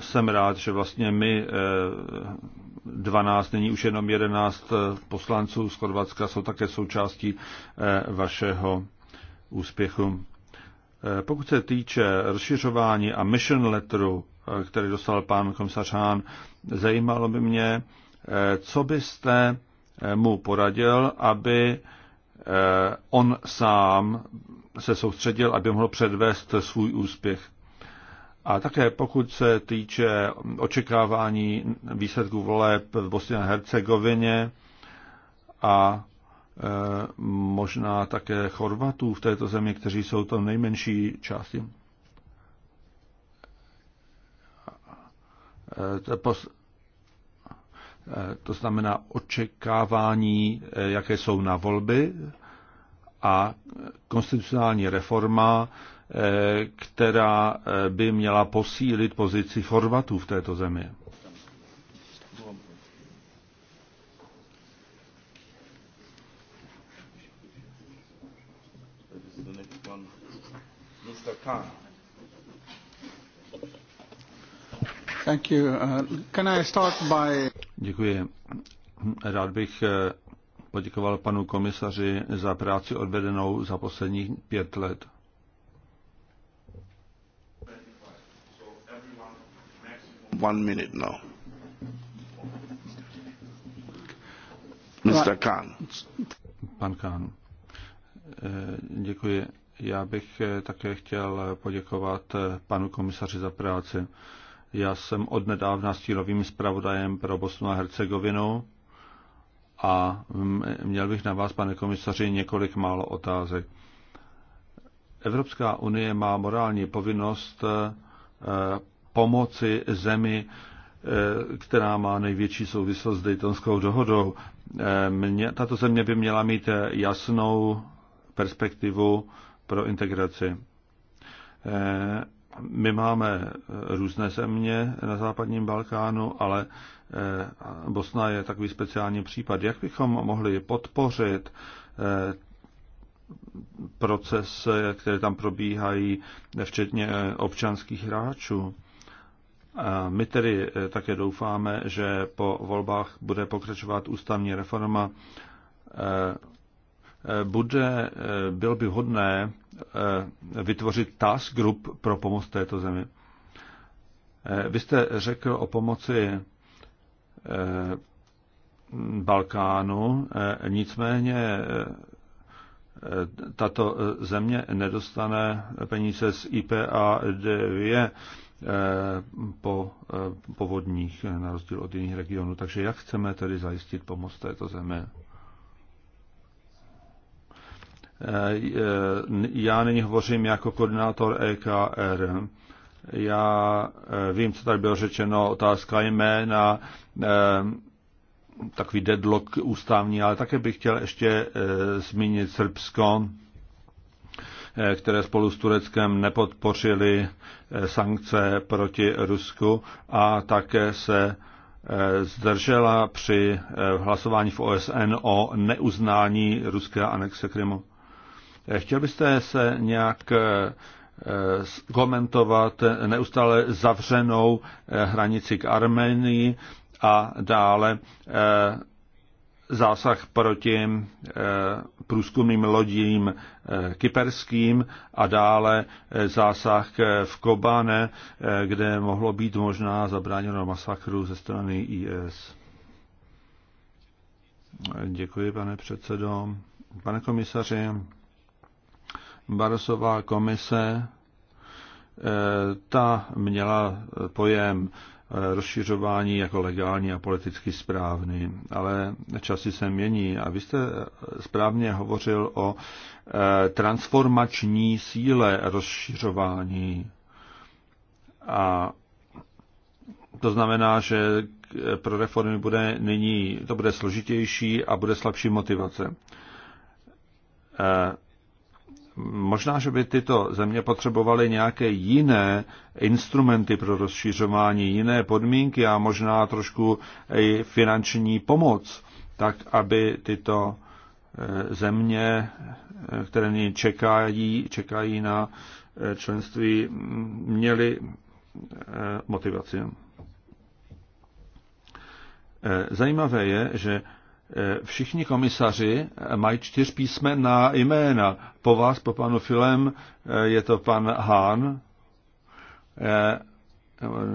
jsem rád, že vlastně my eh, 12, není už jenom 11 eh, poslanců z Chorvatska jsou také součástí eh, vašeho úspěchu. Eh, pokud se týče rozšiřování a mission letteru, který dostal pan komisař Hán, zajímalo by mě, co byste mu poradil, aby on sám se soustředil, aby mohl předvést svůj úspěch. A také pokud se týče očekávání výsledků voleb v Bosně a Hercegovině a e, možná také Chorvatů v této zemi, kteří jsou to nejmenší části. E, e, to znamená očekávání, jaké jsou na volby a konstitucionální reforma která eh, by měla posílit pozici Chorvatů v této zemi. Thank you. Uh, can I start by... Děkuji. Rád bych eh, poděkoval panu komisaři za práci odvedenou za posledních pět let. one minute now. Mr. Khan. Pan Khan. Eh, děkuji. Já bych eh, také chtěl eh, poděkovat panu komisaři za práci. Já jsem od nedávna stírovým zpravodajem pro Bosnu a Hercegovinu a mm, měl bych na vás, pane komisaři, několik málo otázek. Evropská unie má morální povinnost pomoci zemi, eh, která má největší souvislost s Daytonskou dohodou. Eh, mě, tato země by měla mít jasnou perspektivu pro integraci. Eh, my máme různé země na západním Balkánu, ale Bosna je takový speciální případ. Jak bychom mohli podpořit procesy, které tam probíhají, včetně občanských hráčů? my tedy eh, také doufáme, že po volbách bude pokračovat ústavní reforma. Eh, eh, bude, bylo by hodné vytvořit task group pro pomoc této zemi. Vy jste řekl o pomoci Balkánu, nicméně tato země nedostane peníze z IPA 9 po eh, povodních, na rozdíl od jiných regionů. Takže jak chceme tedy zajistit pomoc této zemi? Eh, já nyní hovořím jako koordinátor EKR. Já eh, vím, co tady bylo řečeno, otázka jména, takový deadlock ústavní, ale také bych chtěl ještě zmínit Srbsko které spolu s Tureckem nepodpořili eh, sankce proti Rusku a také se eh, zdržela při eh, hlasování v OSN o neuznání ruské anexe Krymu. Chtěl byste se nějak komentovat neustále zavřenou hranici k Armenii a dále zásah proti eh, průzkumným lodím eh, kyperským a dále eh, zásah v Kobane, kde mohlo být možná zabráněno masakru ze strany IS. Děkuji, pane předsedo. Pane komisaři, Barosová komise, ta měla pojem rozšiřování jako legální a politicky správný. Ale časy se mění a vy jste správně hovořil o eh, transformační síle rozšiřování. A to znamená, že pro reformy bude nyní, to bude složitější a bude slabší motivace. Eh, Možná, že by tyto země potřebovaly nějaké jiné instrumenty pro rozšířování, jiné podmínky a možná trošku i finanční pomoc, tak aby tyto eh, země, eh, které mě čekají, čekají na eh, členství, měly motivaci. Zajímavé je, že Eh, všichni komisaři eh, mají čtyř písmen jména. Po vás, po panu Filem, eh, je to pan Hán.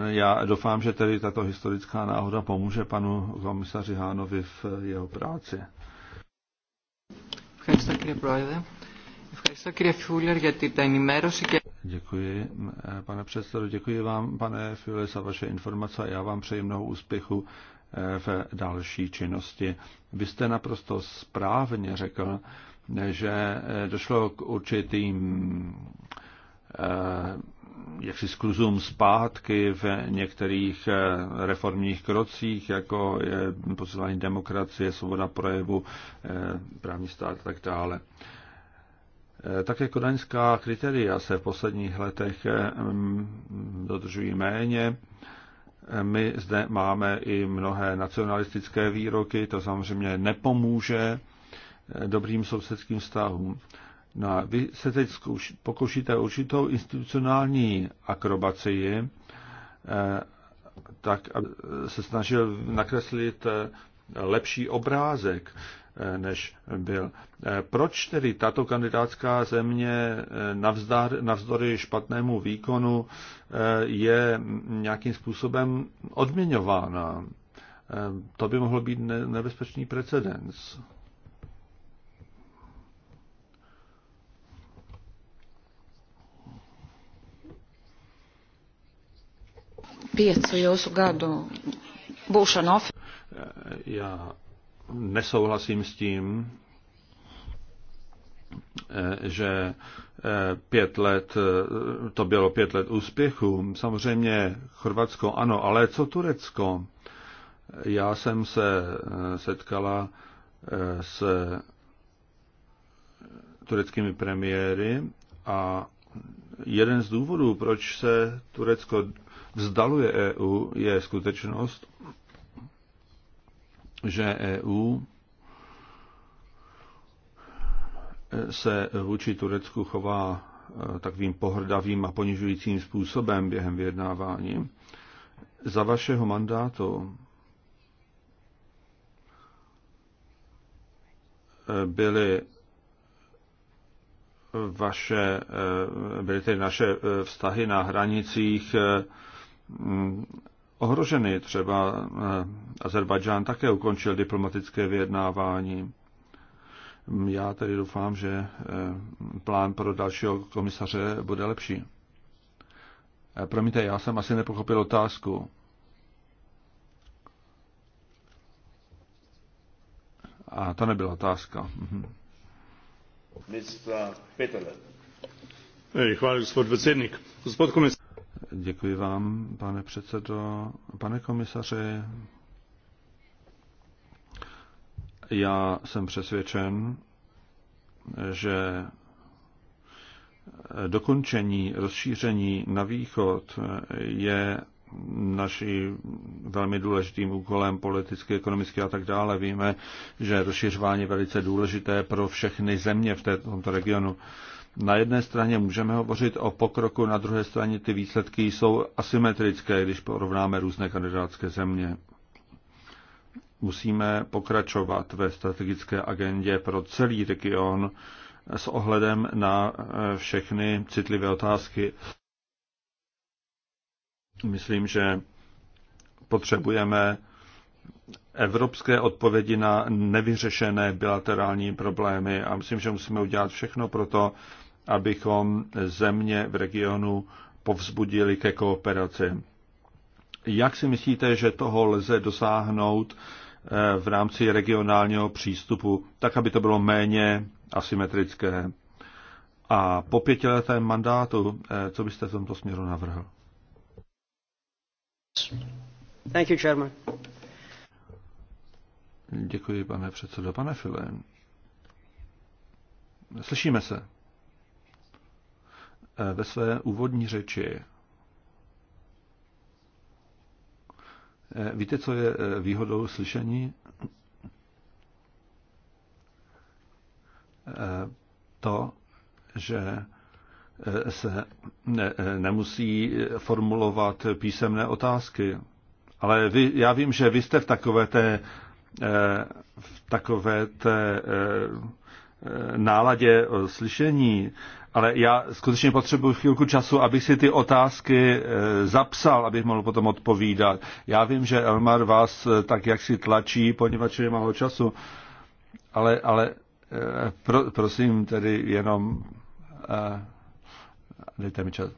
Já doufám, že tedy tato historická náhoda pomůže panu komisaři Hánovi v jeho práci. Děkuji, pane předsedo, děkuji vám, pane Fiule, za vaše informace a já vám přeji mnoho úspěchu v další činnosti. Vy jste naprosto správně řekl, že došlo k určitým eh, jaksi skluzům zpátky v některých eh, reformních krocích, jako je posilování demokracie, svoboda projevu, eh, právní stát a tak dále. Také kodaňská jako kritéria se v posledních letech dodržují méně my zde máme i mnohé nacionalistické výroky, to samozřejmě nepomůže eh, dobrým sousedským vztahům. No a vy se teď zkouš, pokoušíte určitou institucionální akrobacii, eh, tak aby se snažil nakreslit eh, lepší obrázek. Eh, než byl. Eh, proč tedy tato kandidátská země eh, navzdory špatnému výkonu je nějakým způsobem odměňována? To by mohlo být nebezpečný precedens. Piecu jūsu gadu būšanu. No. Jā, nesouhlasím s tím, eh, že eh, pět let, eh, to bylo pět let úspěchu. Samozřejmě Chorvatsko ano, ale co Turecko? Já jsem se setkala s tureckými premiéry a jeden z důvodů, proč se Turecko vzdaluje EU, je skutečnost, že EU se vůči Turecku chová eh, takovým pohrdavým a ponižujícím způsobem během vyjednávání. Za vašeho mandátu eh, byly vaše, eh, byly tedy naše vztahy na hranicích ohroženy. Třeba eh, Azerbajdžán také ukončil diplomatické vyjednávání. Já tedy doufám, že eh, plán pro dalšího komisaře bude lepší. Eh, promiňte, já jsem asi nepochopil otázku. A to nebyla otázka. Mhm. Mr. Peterle. Hey, Hvala, gospod predsednik. Gospod komisar. Děkuji vám, pane předsedo. Pane komisaři, já jsem přesvědčen, že dokončení, rozšíření na východ je naší velmi důležitým úkolem politicky, ekonomicky a tak dále. Víme, že rozšiřování je velice důležité pro všechny země v tomto regionu. Na jedné straně můžeme hovořit o pokroku, na druhé straně ty výsledky jsou asymetrické, když porovnáme různé kandidátské země. Musíme pokračovat ve strategické agendě pro celý region s ohledem na eh, všechny citlivé otázky. Myslím, že potřebujeme evropské odpovědi na nevyřešené bilaterální problémy a myslím, že musíme udělat všechno pro to, abychom země v regionu povzbudili ke kooperaci. Jak si myslíte, že toho lze dosáhnout eh, v rámci regionálního přístupu, tak aby to bylo méně asymetrické? A po pětiletém mandátu, eh, co byste v tomto směru navrhl? Thank you, Chairman. Děkuji, pane předsedo. Pane Filen, slyšíme se. Eh, ve své úvodní řeči. Eh, víte, co je eh, výhodou slyšení? To, že se ne, nemusí formulovat písemné otázky. Ale vy, já vím, že vy jste v takové té, v takové té náladě slyšení, ale já skutečně potřebuji chvilku času, abych si ty otázky eh, zapsal, abych mohl potom odpovídat. Já vím, že Elmar vás eh, tak jak si tlačí, poněvadž je málo času, ale, ale eh, pro, prosím tedy jenom dejte mi čas.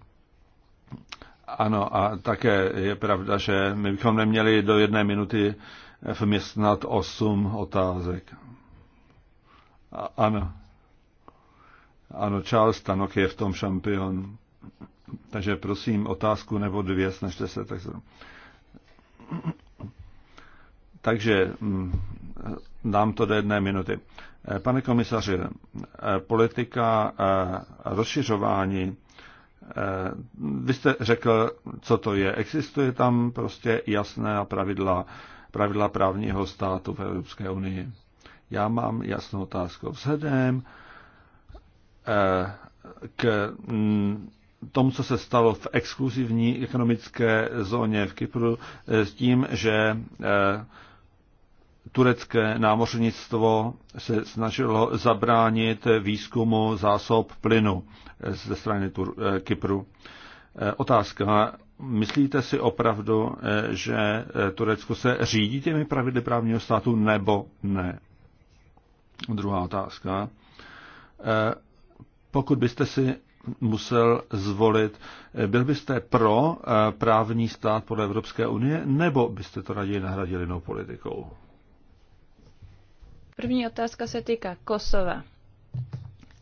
Ano, a také je pravda, že my bychom neměli do jedné minuty vměstnat osm otázek. A, ano. Ano, Charles Tanok je v tom šampion. Takže prosím, otázku nebo dvě, snažte se. Tak... Takže mm, dám to do jedné minuty. Eh, pane komisaři, eh, politika eh, rozšiřování, vy jste řekl, co to je. Existuje tam prostě jasné pravidla, pravidla právního státu v Evropské unii. Já mám jasnou otázku. Vzhledem Eh, k mm, tomu, co se stalo v exkluzivní ekonomické zóně v Kypru, eh, s tím, že eh, turecké námořnictvo se snažilo zabránit výzkumu zásob plynu ze strany Kypru. Otázka, myslíte si opravdu, že Turecko se řídí těmi pravidly právního státu nebo ne? Druhá otázka pokud byste si musel zvolit, byl byste pro eh, právní stát podle Evropské unie, nebo byste to raději nahradili jinou politikou? První otázka se týká Kosova.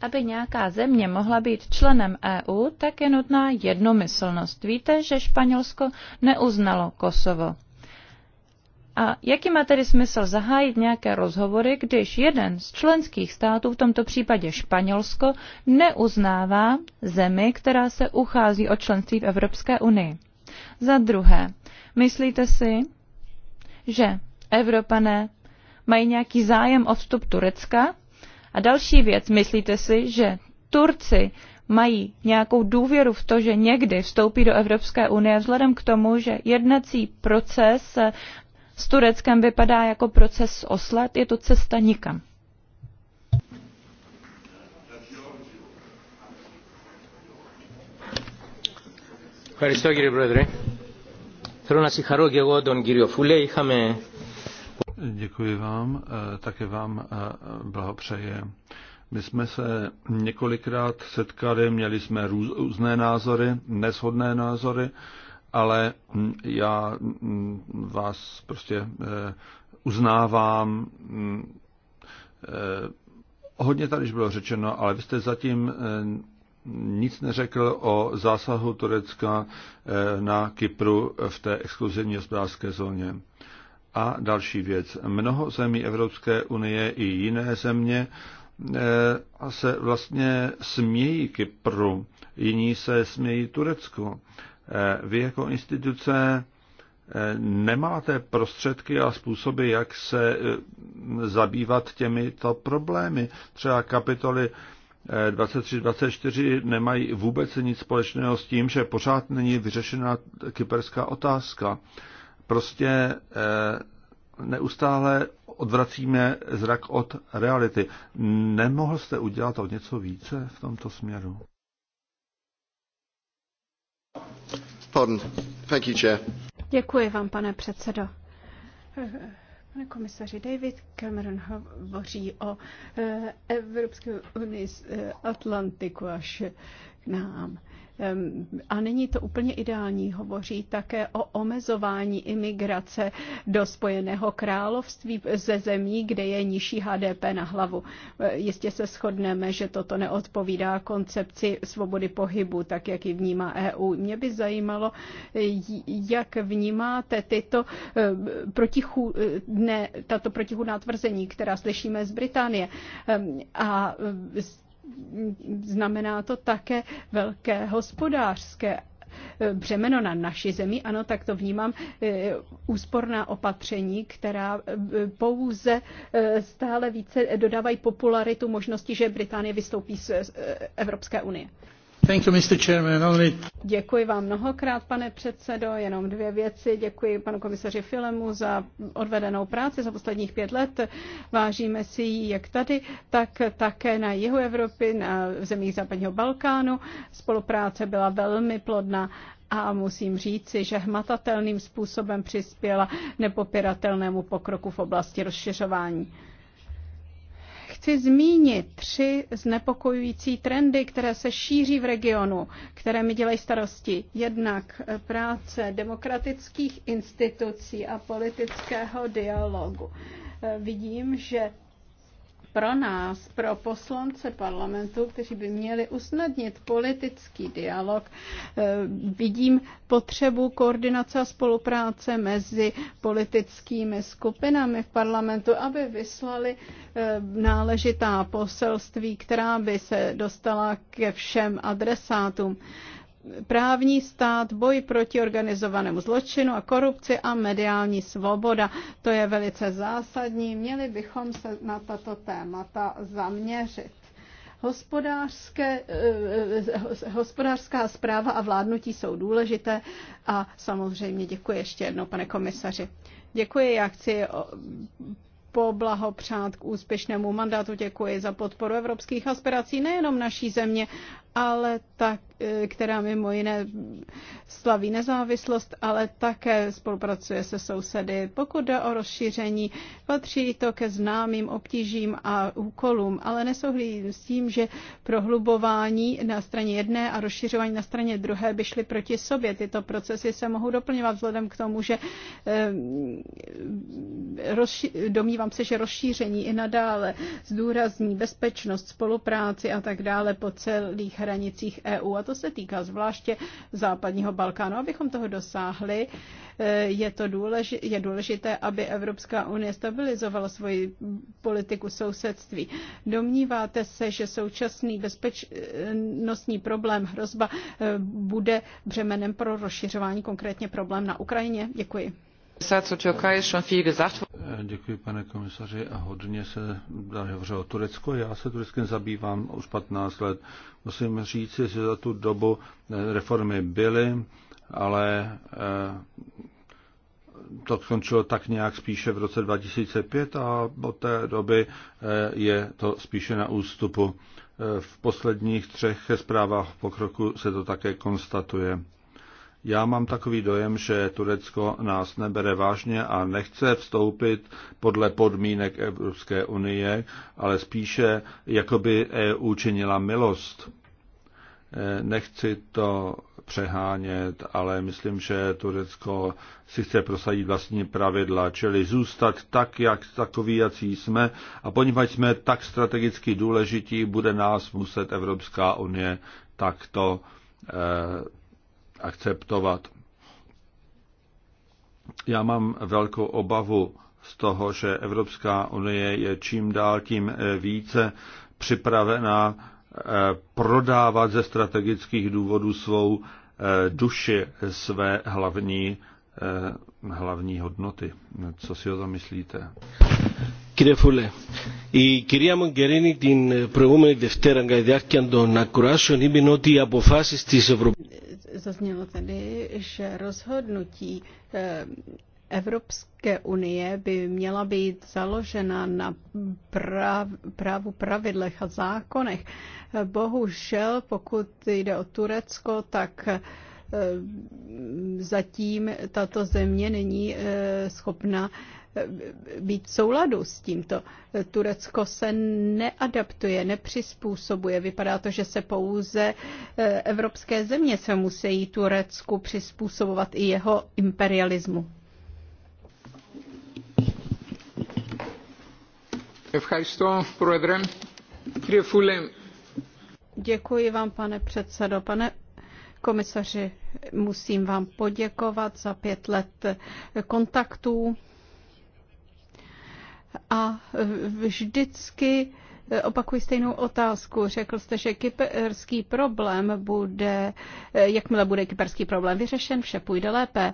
Aby nějaká země mohla být členem EU, tak je nutná jednomyslnost. Víte, že Španělsko neuznalo Kosovo. A jaký má tedy smysl zahájit nějaké rozhovory, když jeden z členských států, v tomto případě Španělsko, neuznává zemi, která se uchází o členství v Evropské unii? Za druhé, myslíte si, že Evropané mají nějaký zájem o vstup Turecka? A další věc, myslíte si, že Turci mají nějakou důvěru v to, že někdy vstoupí do Evropské unie, vzhledem k tomu, že jednací proces s Tureckem vypadá jako proces osled, je to cesta nikam. Děkuji vám, eh, také vám eh, blahopřeje. My jsme se několikrát setkali, měli jsme různé názory, neshodné názory ale hm, já hm, vás prostě eh, uznávám. Hm, eh, hodně tady bylo řečeno, ale vy jste zatím eh, nic neřekl o zásahu Turecka na Kypru v té exkluzivní hospodářské zóně. A další věc. Mnoho zemí Evropské unie i jiné země Eh, se vlastně smějí Kypru, jiní se smějí Turecku. Eh, vy jako instituce eh, nemáte prostředky a způsoby, jak se zabývat těmito problémy. Třeba kapitoly 23-24 nemají vůbec nic společného s tím, že pořád není vyřešena kyperská otázka. Prostě neustále odvracíme zrak od reality. Nemohl jste udělat o něco více v tomto směru? Pardon. Thank you, chair. Děkuji vám, pane předsedo. Pane komisaři, David Cameron hovoří o eh, Evropské unii z eh, Atlantiku až k nám. A není to úplně ideální. Hovoří také o omezování imigrace do Spojeného království ze zemí, kde je nižší HDP na hlavu. E, jistě se shodneme, že toto neodpovídá koncepci svobody pohybu, tak jak ji vnímá EU. Mě by zajímalo, jak vnímáte tyto ne, tato protichůdná tvrzení, která slyšíme z Británie. A znamená to také velké hospodářské eh, břemeno na naši zemi. Ano, tak to vnímám eh, úsporná opatření, která eh, pouze stále více dodávají popularitu možnosti, že Británie vystoupí z Evropské unie. Děkuji vám mnohokrát, pane předsedo. Jenom dvě věci. Děkuji panu komisaři Filemu za odvedenou práci za posledních pět let. Vážíme si ji jak tady, tak také na jihu Evropy, na zemích západního Balkánu. Spolupráce byla velmi plodná a musím říci, že hmatatelným způsobem přispěla nepopiratelnému pokroku v oblasti rozšiřování. Chci zmínit tři znepokojující trendy, které se šíří v regionu, které mi dělají starosti. Jednak práce demokratických institucí a politického dialogu. Vidím, že pro nás, pro poslance parlamentu, kteří by měli usnadnit politický dialog, eh, vidím potřebu koordinace a spolupráce mezi politickými skupinami v parlamentu, aby vyslali eh, náležitá poselství, která by se dostala ke všem adresátům právní stát, boj proti organizovanému zločinu a korupci a mediální svoboda. To je velice zásadní. Měli bychom se na tato témata zaměřit hospodářské, eh, eh, hospodářská zpráva a vládnutí jsou důležité a samozřejmě děkuji ještě jednou, pane komisaři. Děkuji, já chci eh, poblahopřát k úspěšnému mandátu. Děkuji za podporu evropských aspirací nejenom naší země, ale tak, e, která mimo jiné slaví nezávislost, ale také spolupracuje se sousedy. Pokud jde o rozšíření, patří to ke známým obtížím a úkolům, ale nesouhlasím s tím, že prohlubování na straně jedné a rozšiřování na straně druhé by šly proti sobě. Tyto procesy se mohou doplňovat vzhledem k tomu, že e, domnívám se, že rozšíření i nadále zdůrazní bezpečnost, spolupráci a tak dále po celých hranicích EU. A to se týká zvláště západního Balkánu. Abychom toho dosáhli, eh, je, to důleži- je důležité, aby Evropská unie stabilizovala svoji politiku sousedství. Domníváte se, že současný bezpečnostní problém hrozba eh, bude břemenem pro rozšiřování, konkrétně problém na Ukrajině? Děkuji. Děkuji, pane komisaři, a hodně se dále hovořilo o Turecku. Já se Tureckem zabývám už 15 let. Musím říci, že za tu dobu eh, reformy byly, ale eh, to skončilo tak nějak spíše v roce 2005 a od té doby eh, je to spíše na ústupu. V posledních třech zprávách pokroku se to také konstatuje. Já mám takový dojem, že Turecko nás nebere vážně a nechce vstoupit podle podmínek Evropské unie, ale spíše jako by EU činila milost. Eh, nechci to přehánět, ale myslím, že Turecko si chce prosadit vlastní pravidla, čili zůstat tak, jak takový, jak jsme a poněvadž jsme tak strategicky důležití, bude nás muset Evropská unie takto eh, akceptovat. Já mám velkou obavu z toho, že Evropská unie je čím dál tím eh, více připravena eh, prodávat ze strategických důvodů svou eh, duši, své hlavní, hlavní hodnoty. Co si o to myslíte? Κύριε Φούλε, η κυρία Μογκερίνη την προηγούμενη Δευτέρα κατά τη διάρκεια των ακροάσεων είπε ότι οι αποφάσει τη Ευρωπαϊκή Zaznělo tedy, že rozhodnutí eh, Evropské unie by měla být založena na právu pravidlech a zákonech. Bohužel, pokud jde o Turecko, tak eh, zatím tato země není eh, schopna být v souladu s tímto. Turecko se neadaptuje, nepřizpůsobuje. Vypadá to, že se pouze eh, evropské země se musí Turecku přizpůsobovat i jeho imperialismu. Děkuji vám, pane předsedo. Pane komisaři, musím vám poděkovat za pět let kontaktů a vždycky eh, opakuji stejnou otázku. Řekl jste, že kyperský problém bude, eh, jakmile bude kyperský problém vyřešen, vše půjde lépe.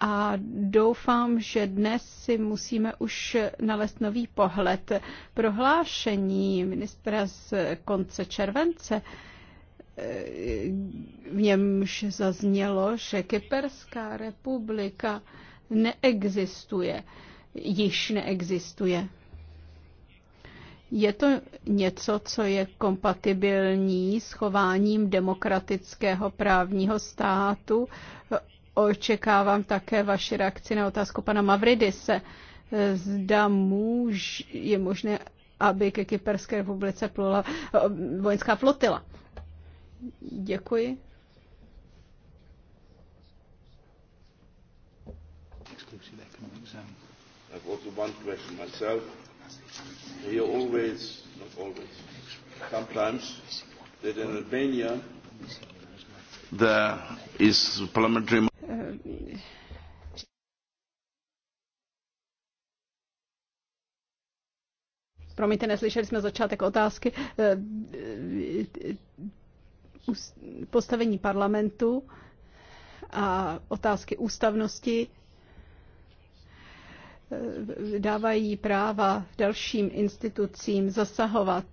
A doufám, že dnes si musíme už nalézt nový pohled. Prohlášení ministra z konce července eh, v němž zaznělo, že Kyperská republika neexistuje již neexistuje. Je to něco, co je kompatibilní s chováním demokratického právního státu. Očekávám také vaši reakci na otázku pana Mavridise. Zda muž je možné, aby ke Kyperské republice plula vojenská flotila. Děkuji. I have also one question myself. hear always, not always, sometimes that in Albania there is parliamentary. Promiňte, neslyšeli jsme začátek otázky. Postavení parlamentu a otázky ústavnosti Eh, dávají práva dalším institucím zasahovat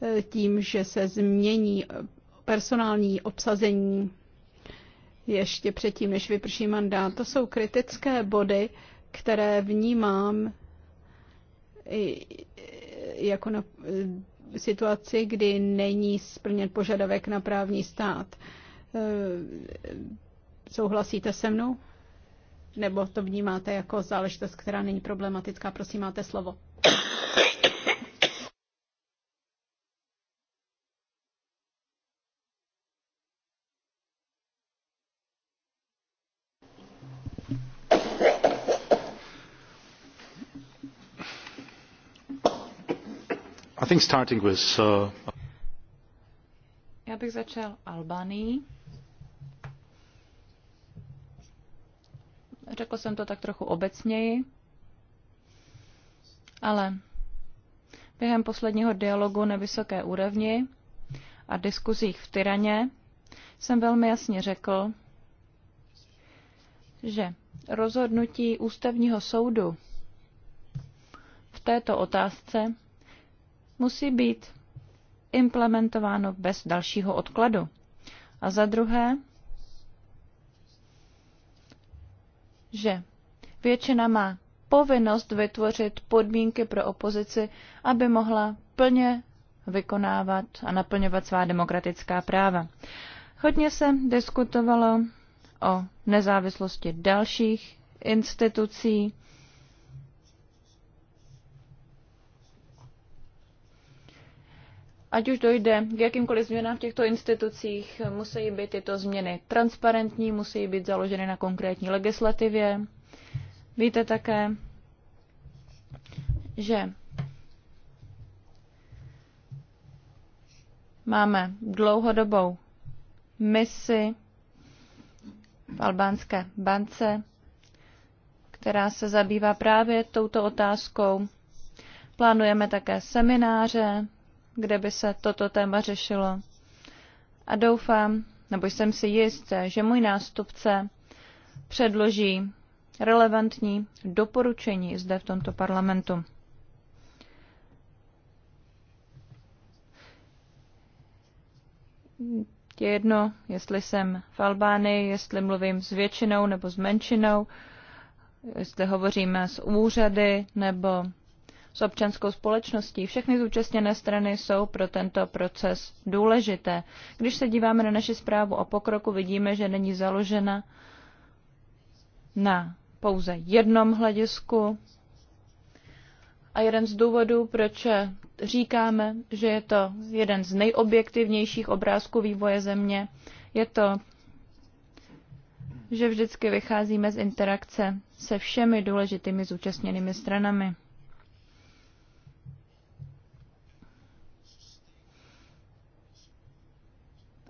eh, tím, že se změní personální obsazení ještě předtím, než vyprší mandát. To jsou kritické body, které vnímám jako na eh, situaci, kdy není splněn požadavek na právní stát. Souhlasíte se mnou? Nebo to vnímáte jako záležitost, která není problematická? Prosím, máte slovo. Uh, Já bych začal Albánii. Řekl jsem to tak trochu obecněji, ale během posledního dialogu na vysoké úrovni a diskuzích v Tyraně jsem velmi jasně řekl, že rozhodnutí ústavního soudu v této otázce musí být implementováno bez dalšího odkladu. A za druhé, že většina má povinnost vytvořit podmínky pro opozici, aby mohla plně vykonávat a naplňovat svá demokratická práva. Hodně se diskutovalo o nezávislosti dalších institucí, Ať už dojde k jakýmkoliv změnám v těchto institucích, musí být tyto změny transparentní, musí být založeny na konkrétní legislativě. Víte také, že máme dlouhodobou misi v albánské bance, která se zabývá právě touto otázkou. Plánujeme také semináře kde by se toto téma řešilo. A doufám, nebo jsem si jist, že můj nástupce předloží relevantní doporučení zde v tomto parlamentu. Je jedno, jestli jsem v Albánii, jestli mluvím s většinou nebo s menšinou, jestli hovoříme s úřady nebo s občanskou společností. Všechny zúčastněné strany jsou pro tento proces důležité. Když se díváme na naši zprávu o pokroku, vidíme, že není založena na pouze jednom hledisku. A jeden z důvodů, proč říkáme, že je to jeden z nejobjektivnějších obrázků vývoje země, je to, že vždycky vycházíme z interakce se všemi důležitými zúčastněnými stranami.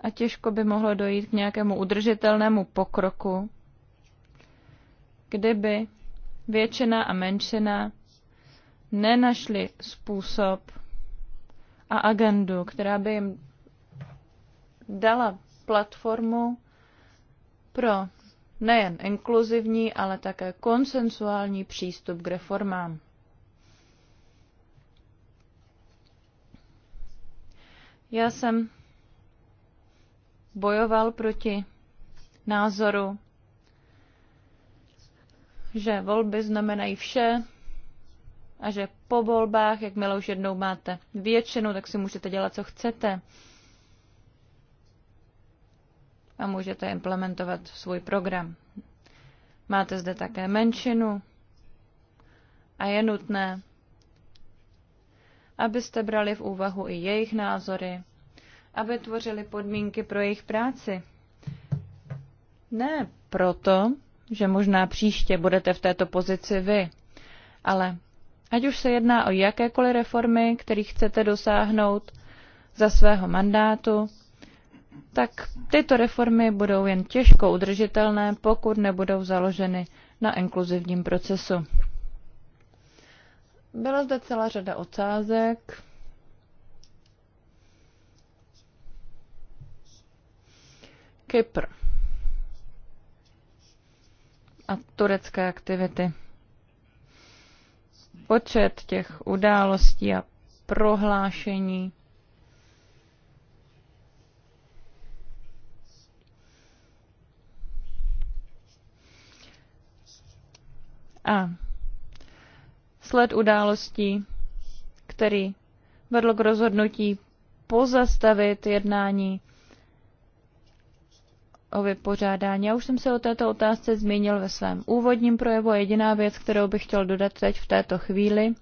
a těžko by mohlo dojít k nějakému udržitelnému pokroku, kdyby většina a menšina nenašli způsob a agendu, která by jim dala platformu pro nejen inkluzivní, ale také konsensuální přístup k reformám. Já jsem bojoval proti názoru, že volby znamenají vše a že po volbách, jakmile už jednou máte většinu, tak si můžete dělat, co chcete a můžete implementovat svůj program. Máte zde také menšinu a je nutné, abyste brali v úvahu i jejich názory a vytvořili podmínky pro jejich práci. Ne proto, že možná příště budete v této pozici vy, ale ať už se jedná o jakékoliv reformy, které chcete dosáhnout za svého mandátu, tak tyto reformy budou jen těžko udržitelné, pokud nebudou založeny na inkluzivním procesu. Byla zde celá řada otázek Kypr a turecké aktivity. Počet těch událostí a prohlášení a sled událostí, který vedl k rozhodnutí pozastavit jednání o vypořádání. Já už jsem se o této otázce zmínil ve svém úvodním projevu. Jediná věc, kterou bych chtěl dodat teď v této chvíli,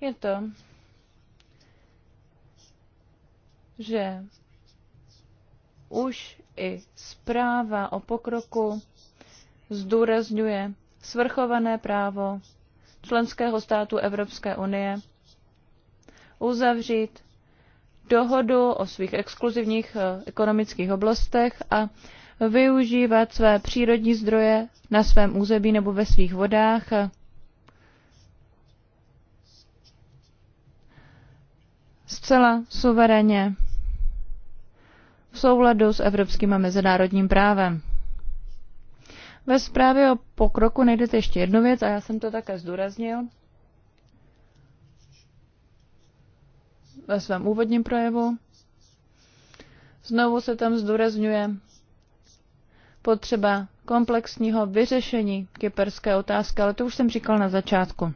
je to, že už i zpráva o pokroku zdůrazňuje svrchované právo členského státu Evropské unie uzavřít dohodu o svých exkluzivních eh, ekonomických oblastech a využívat své přírodní zdroje na svém území nebo ve svých vodách. zcela suverénně v souladu s evropským a mezinárodním právem. Ve zprávě o pokroku najdete ještě jednu věc a já jsem to také zdůraznil. ve svém úvodním projevu. Znovu se tam zdůrazňuje potřeba komplexního vyřešení kyperské otázky, ale to už jsem říkal na začátku.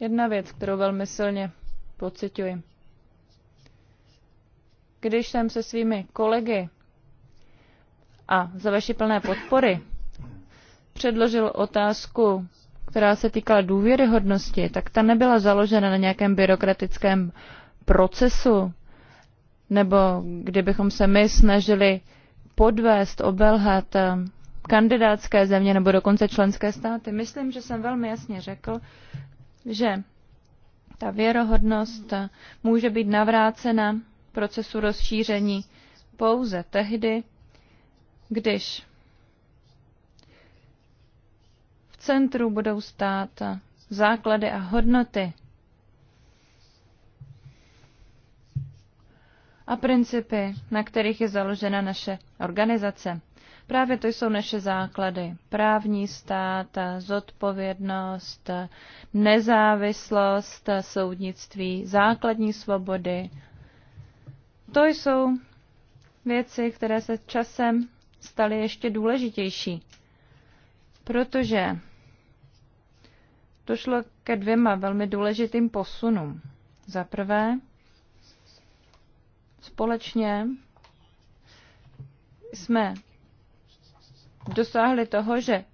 Jedna věc, kterou velmi silně pocituji. Když jsem se svými kolegy a za vaši plné podpory předložil otázku která se týkala důvěryhodnosti, tak ta nebyla založena na nějakém byrokratickém procesu, nebo kdybychom se my snažili podvést, obelhat eh, kandidátské země nebo dokonce členské státy. Myslím, že jsem velmi jasně řekl, že ta věrohodnost eh, může být navrácena procesu rozšíření pouze tehdy, když centru budou stát základy a hodnoty a principy, na kterých je založena naše organizace. Právě to jsou naše základy. Právní stát, zodpovědnost, nezávislost, soudnictví, základní svobody. To jsou věci, které se časem staly ještě důležitější, protože došlo ke dvěma velmi důležitým posunům. Za prvé, společně jsme dosáhli toho, že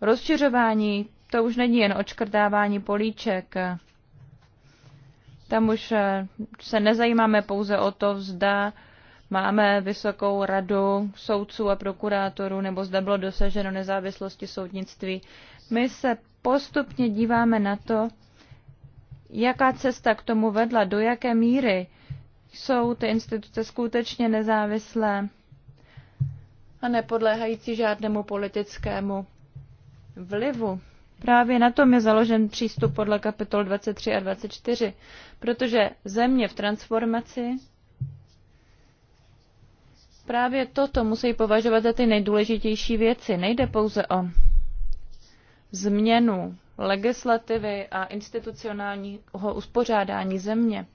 rozšiřování to už není jen očkrtávání políček. Tam už eh, se nezajímáme pouze o to, zda máme vysokou radu soudců a prokurátorů, nebo zda bylo dosaženo nezávislosti soudnictví. My se postupně díváme na to, jaká cesta k tomu vedla, do jaké míry jsou ty instituce skutečně nezávislé a nepodléhající žádnému politickému vlivu. Právě na tom je založen přístup podle kapitol 23 a 24, protože země v transformaci právě toto musí považovat za ty nejdůležitější věci. Nejde pouze o změnu legislativy a institucionálního uspořádání země.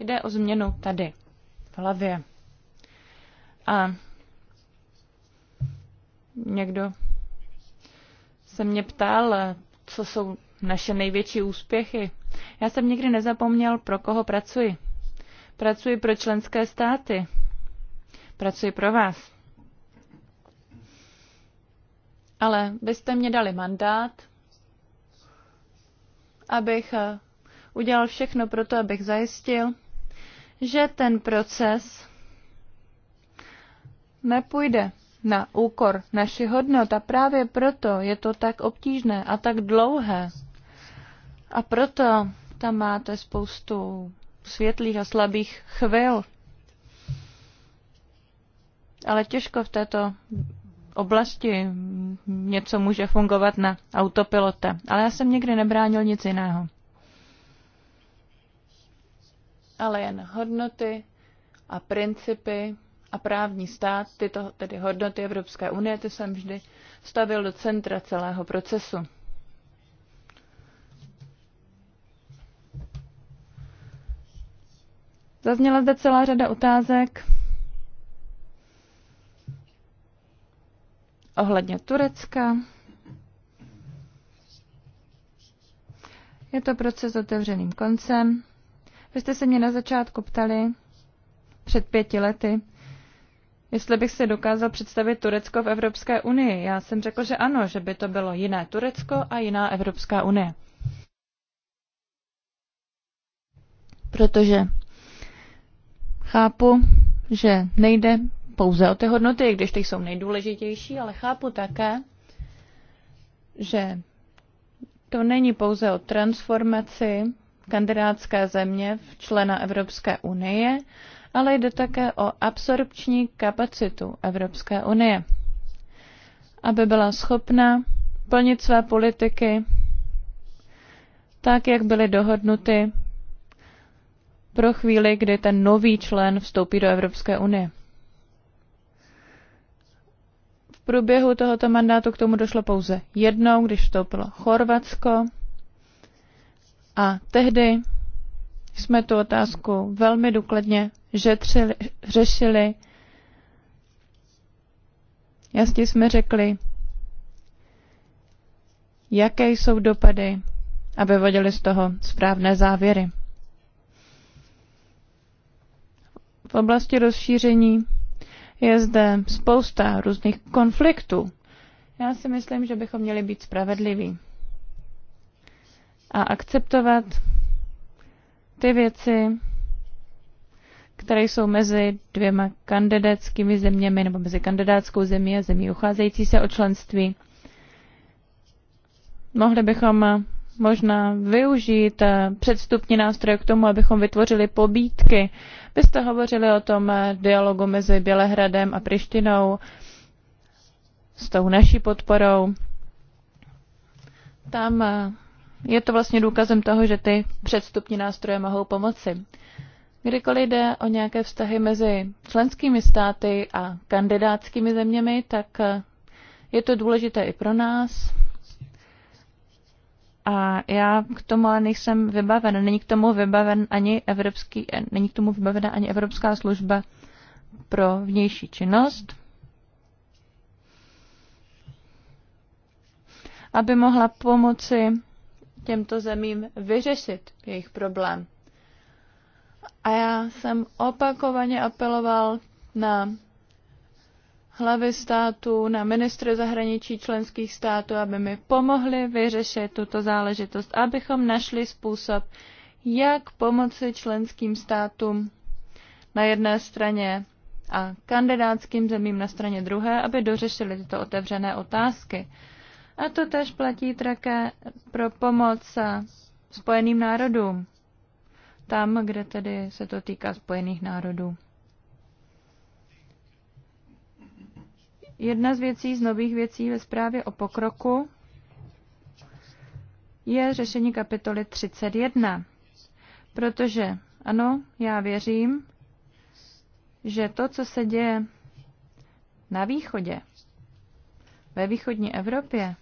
Jde o změnu tady, v hlavě. A někdo se mě ptal, co jsou naše největší úspěchy. Já jsem nikdy nezapomněl, pro koho pracuji. Pracuji pro členské státy. Pracuji pro vás. Ale vy jste mě dali mandát, abych eh, udělal všechno pro to, abych zajistil, že ten proces nepůjde na úkor naši hodnot a právě proto je to tak obtížné a tak dlouhé. A proto tam máte spoustu světlých a slabých chvil. Ale těžko v této oblasti něco může fungovat na autopilota, ale já jsem nikdy nebránil nic jiného. Ale jen hodnoty a principy a právní stát, tyto tedy hodnoty Evropské unie, ty jsem vždy stavil do centra celého procesu. Zazněla zde celá řada otázek ohledně Turecka. Je to proces s otevřeným koncem. Vy jste se mě na začátku ptali před pěti lety, jestli bych si dokázal představit Turecko v Evropské unii. Já jsem řekl, že ano, že by to bylo jiné Turecko a jiná Evropská unie. Protože chápu, že nejde pouze o ty hodnoty, když ty jsou nejdůležitější, ale chápu také, že to není pouze o transformaci kandidátské země v člena Evropské unie, ale jde také o absorpční kapacitu Evropské unie, aby byla schopna plnit své politiky tak, jak byly dohodnuty pro chvíli, kdy ten nový člen vstoupí do Evropské unie průběhu tohoto mandátu k tomu došlo pouze jednou, když vstoupilo Chorvatsko. A tehdy jsme tu otázku velmi důkladně žetřili, řešili. Jasně jsme řekli, jaké jsou dopady aby vodili z toho správné závěry. V oblasti rozšíření je zde spousta různých konfliktů. Já si myslím, že bychom měli být spravedliví a akceptovat ty věci, které jsou mezi dvěma kandidátskými zeměmi nebo mezi kandidátskou zemí a zemí ucházející se o členství. Mohli bychom možná využít předstupní nástroje k tomu, abychom vytvořili pobídky vy jste hovořili o tom dialogu mezi Bělehradem a Prištinou s tou naší podporou. Tam eh, je to vlastně důkazem toho, že ty předstupní nástroje mohou pomoci. Kdykoliv jde o nějaké vztahy mezi členskými státy a kandidátskými zeměmi, tak eh, je to důležité i pro nás. A já k tomu ale nejsem vybaven. Není k tomu vybaven ani evropský, není k tomu vybavena ani Evropská služba pro vnější činnost. aby mohla pomoci těmto zemím vyřešit jejich problém. A já jsem opakovaně apeloval na hlavy států, na ministry zahraničí členských států, aby mi pomohli vyřešit tuto záležitost, abychom našli způsob, jak pomoci členským státům na jedné straně a kandidátským zemím na straně druhé, aby dořešili tyto otevřené otázky. A to tež platí také pro pomoc Spojeným národům, tam, kde tedy se to týká Spojených národů. Jedna z věcí, z nových věcí ve zprávě o pokroku je řešení kapitoly 31. Protože ano, já věřím, že to, co se děje na východě, ve východní Evropě,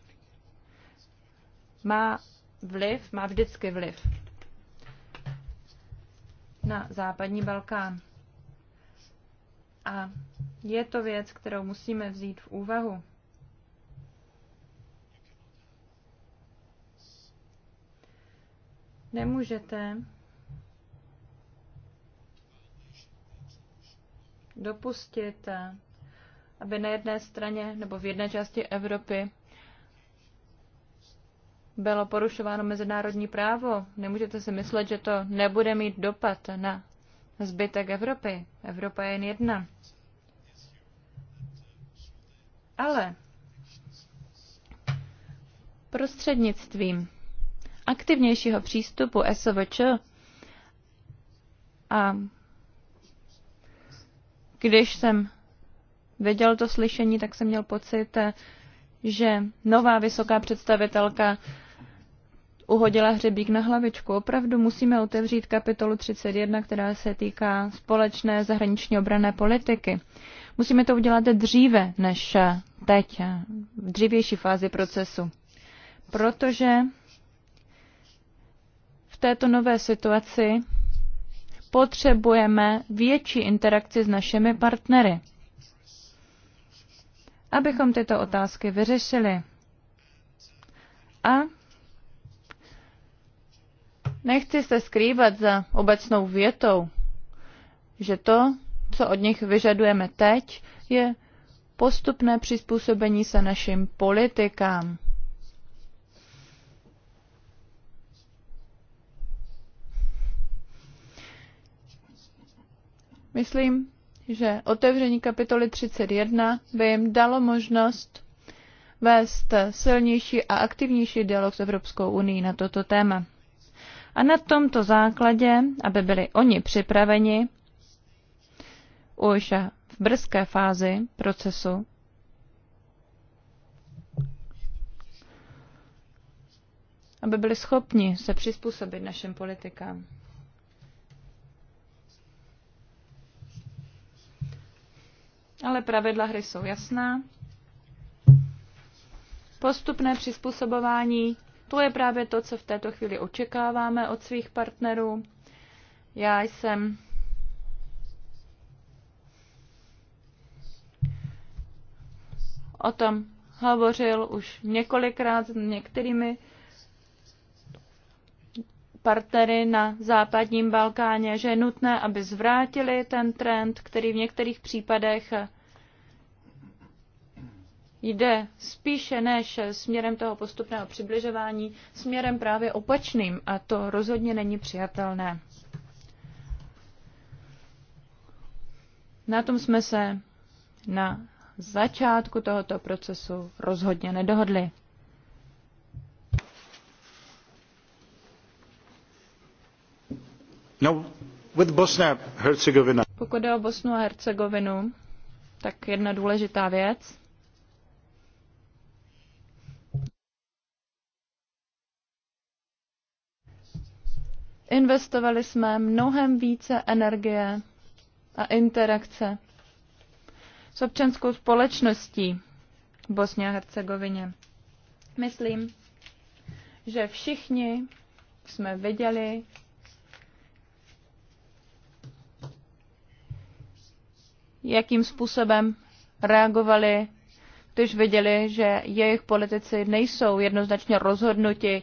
má vliv, má vždycky vliv na západní Balkán. A je to věc, kterou musíme vzít v úvahu. Nemůžete dopustit, aby na jedné straně nebo v jedné části Evropy bylo porušováno mezinárodní právo. Nemůžete si myslet, že to nebude mít dopad na zbytek Evropy. Evropa je jen jedna ale prostřednictvím aktivnějšího přístupu SOVČ a když jsem viděl to slyšení, tak jsem měl pocit, že nová vysoká představitelka uhodila hřebík na hlavičku. Opravdu musíme otevřít kapitolu 31, která se týká společné zahraniční obrané politiky. Musíme to udělat dříve než eh, teď, eh, v dřívější fázi procesu. Protože v této nové situaci potřebujeme větší interakci s našimi partnery, abychom tyto otázky vyřešili. A nechci se skrývat za obecnou větou, že to, co od nich vyžadujeme teď, je postupné přizpůsobení se našim politikám. Myslím, že otevření kapitoly 31 by jim dalo možnost vést silnější a aktivnější dialog s Evropskou unii na toto téma. A na tomto základě, aby byli oni připraveni, už v brzké fázi procesu aby byli schopni se přizpůsobit našim politikám. Ale pravidla hry jsou jasná. Postupné přizpůsobování, to je právě to, co v této chvíli očekáváme od svých partnerů. Já jsem o tom hovořil už několikrát s některými partnery na západním Balkáně, že je nutné, aby zvrátili ten trend, který v některých případech jde spíše než směrem toho postupného přibližování, směrem právě opačným a to rozhodně není přijatelné. Na tom jsme se na začátku tohoto procesu rozhodně nedohodli. No, with Bosnia, Herzegovina. Pokud jde o Bosnu a Hercegovinu, tak jedna důležitá věc. Investovali jsme mnohem více energie a interakce s občanskou společností v Bosně a Hercegovině. Myslím, že všichni jsme viděli, jakým způsobem reagovali, když viděli, že jejich politici nejsou jednoznačně rozhodnuti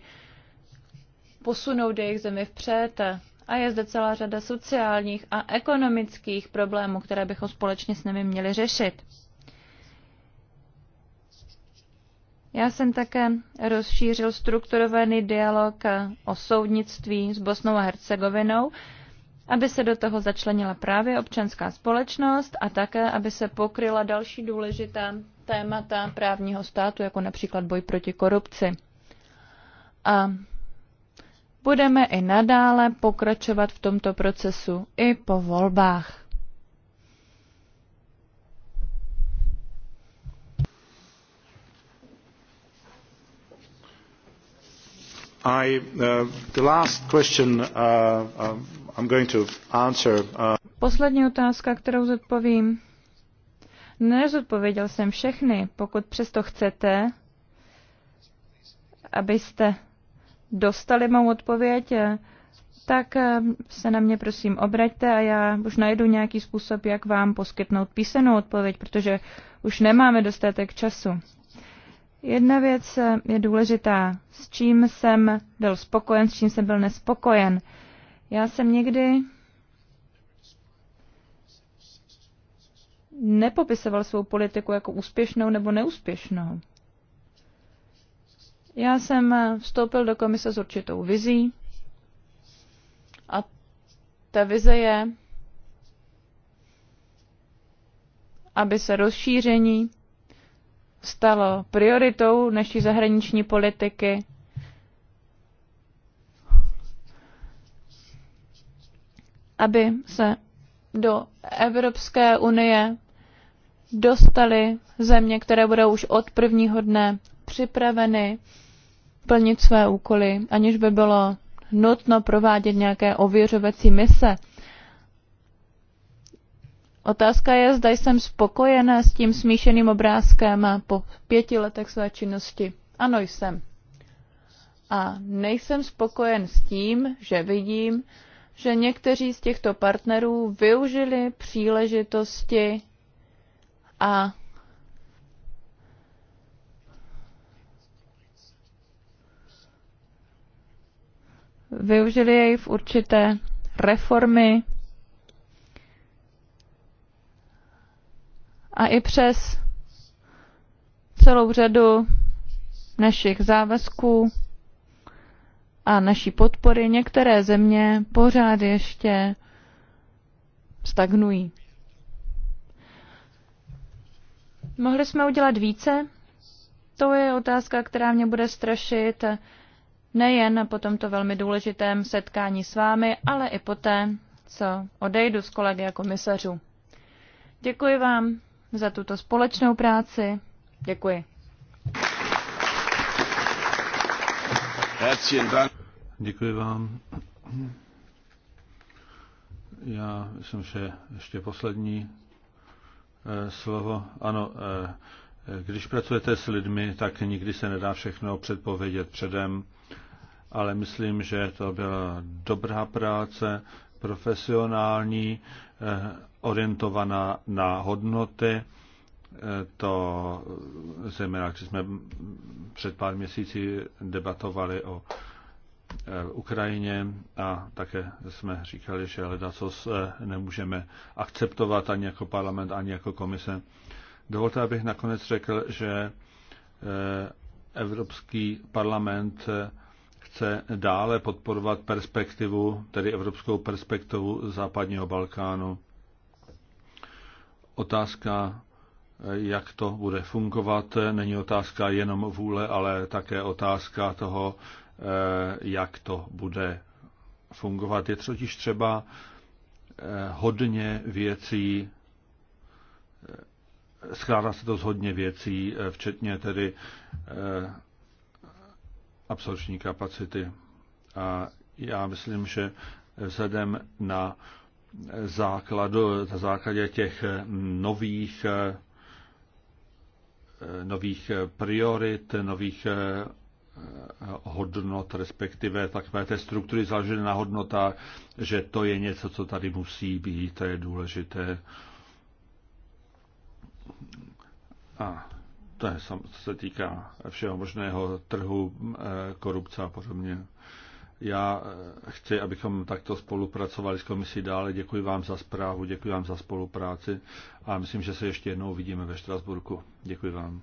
posunout jejich zemi vpřed a je zde celá řada sociálních a ekonomických problémů, které bychom společně s nimi měli řešit. Já jsem také rozšířil strukturovaný dialog o soudnictví s Bosnou a Hercegovinou, aby se do toho začlenila právě občanská společnost a také, aby se pokryla další důležitá témata právního státu, jako například boj proti korupci. A budeme i nadále pokračovat v tomto procesu i po volbách. I, uh, the last question, uh, uh I'm going to answer, uh, Poslední otázka, kterou zodpovím. Nezodpověděl jsem všechny. Pokud přesto chcete, abyste dostali mou odpověď, eh, tak eh, se na mě prosím obraťte a já už najdu nějaký způsob, jak vám poskytnout písemnou odpověď, protože už nemáme dostatek času. Jedna věc eh, je důležitá. S čím jsem byl spokojen, s čím jsem byl nespokojen. Já jsem někdy nepopisoval svou politiku jako úspěšnou nebo neúspěšnou. Já jsem vstoupil do komise s určitou vizí a ta vize je, aby se rozšíření stalo prioritou naší zahraniční politiky. Aby se do Evropské unie dostaly země, které budou už od prvního dne připraveny plnit své úkoly, aniž by bylo nutno provádět nějaké ověřovací mise. Otázka je, zda jsem spokojená s tím smíšeným obrázkem a po pěti letech své činnosti. Ano, jsem. A nejsem spokojen s tím, že vidím, že někteří z těchto partnerů využili příležitosti a využili jej v určité reformy a i přes celou řadu našich závazků a naší podpory některé země pořád ještě stagnují. Mohli jsme udělat více? To je otázka, která mě bude strašit nejen po tomto velmi důležitém setkání s vámi, ale i poté, co odejdu z kolegy a komisařů. Děkuji vám za tuto společnou práci. Děkuji. Děkuji vám. Já myslím, že ještě poslední eh, slovo. Ano, eh, eh, když pracujete s lidmi, tak nikdy se nedá všechno předpovědět předem ale myslím, že to byla dobrá práce, profesionální, eh, orientovaná na hodnoty. Eh, to eh, zejména, když jsme před pár měsíci debatovali o Ukrajině a také jsme říkali, že hledat, co nemůžeme akceptovat ani jako parlament, ani jako komise. Dovolte, abych nakonec řekl, že Evropský parlament chce dále podporovat perspektivu, tedy evropskou perspektivu západního Balkánu. Otázka, jak to bude fungovat, není otázka jenom vůle, ale také otázka toho, eh, jak to bude fungovat. Je totiž třeba eh, hodně věcí, eh, skládá se to z hodně věcí, včetně tedy absorpční kapacity. A já myslím, že vzhledem na základu, na základě těch nových nových priorit, nových hodnot, respektive takové té struktury založené na hodnotách, že to je něco, co tady musí být, to je důležité. A to je, se týká všeho možného trhu, eh, korupce a podobně. Já eh, chci, abychom takto spolupracovali s komisí dále. Děkuji vám za zprávu, děkuji vám za spolupráci a myslím, že se ještě jednou vidíme ve Štrasburku. Děkuji vám.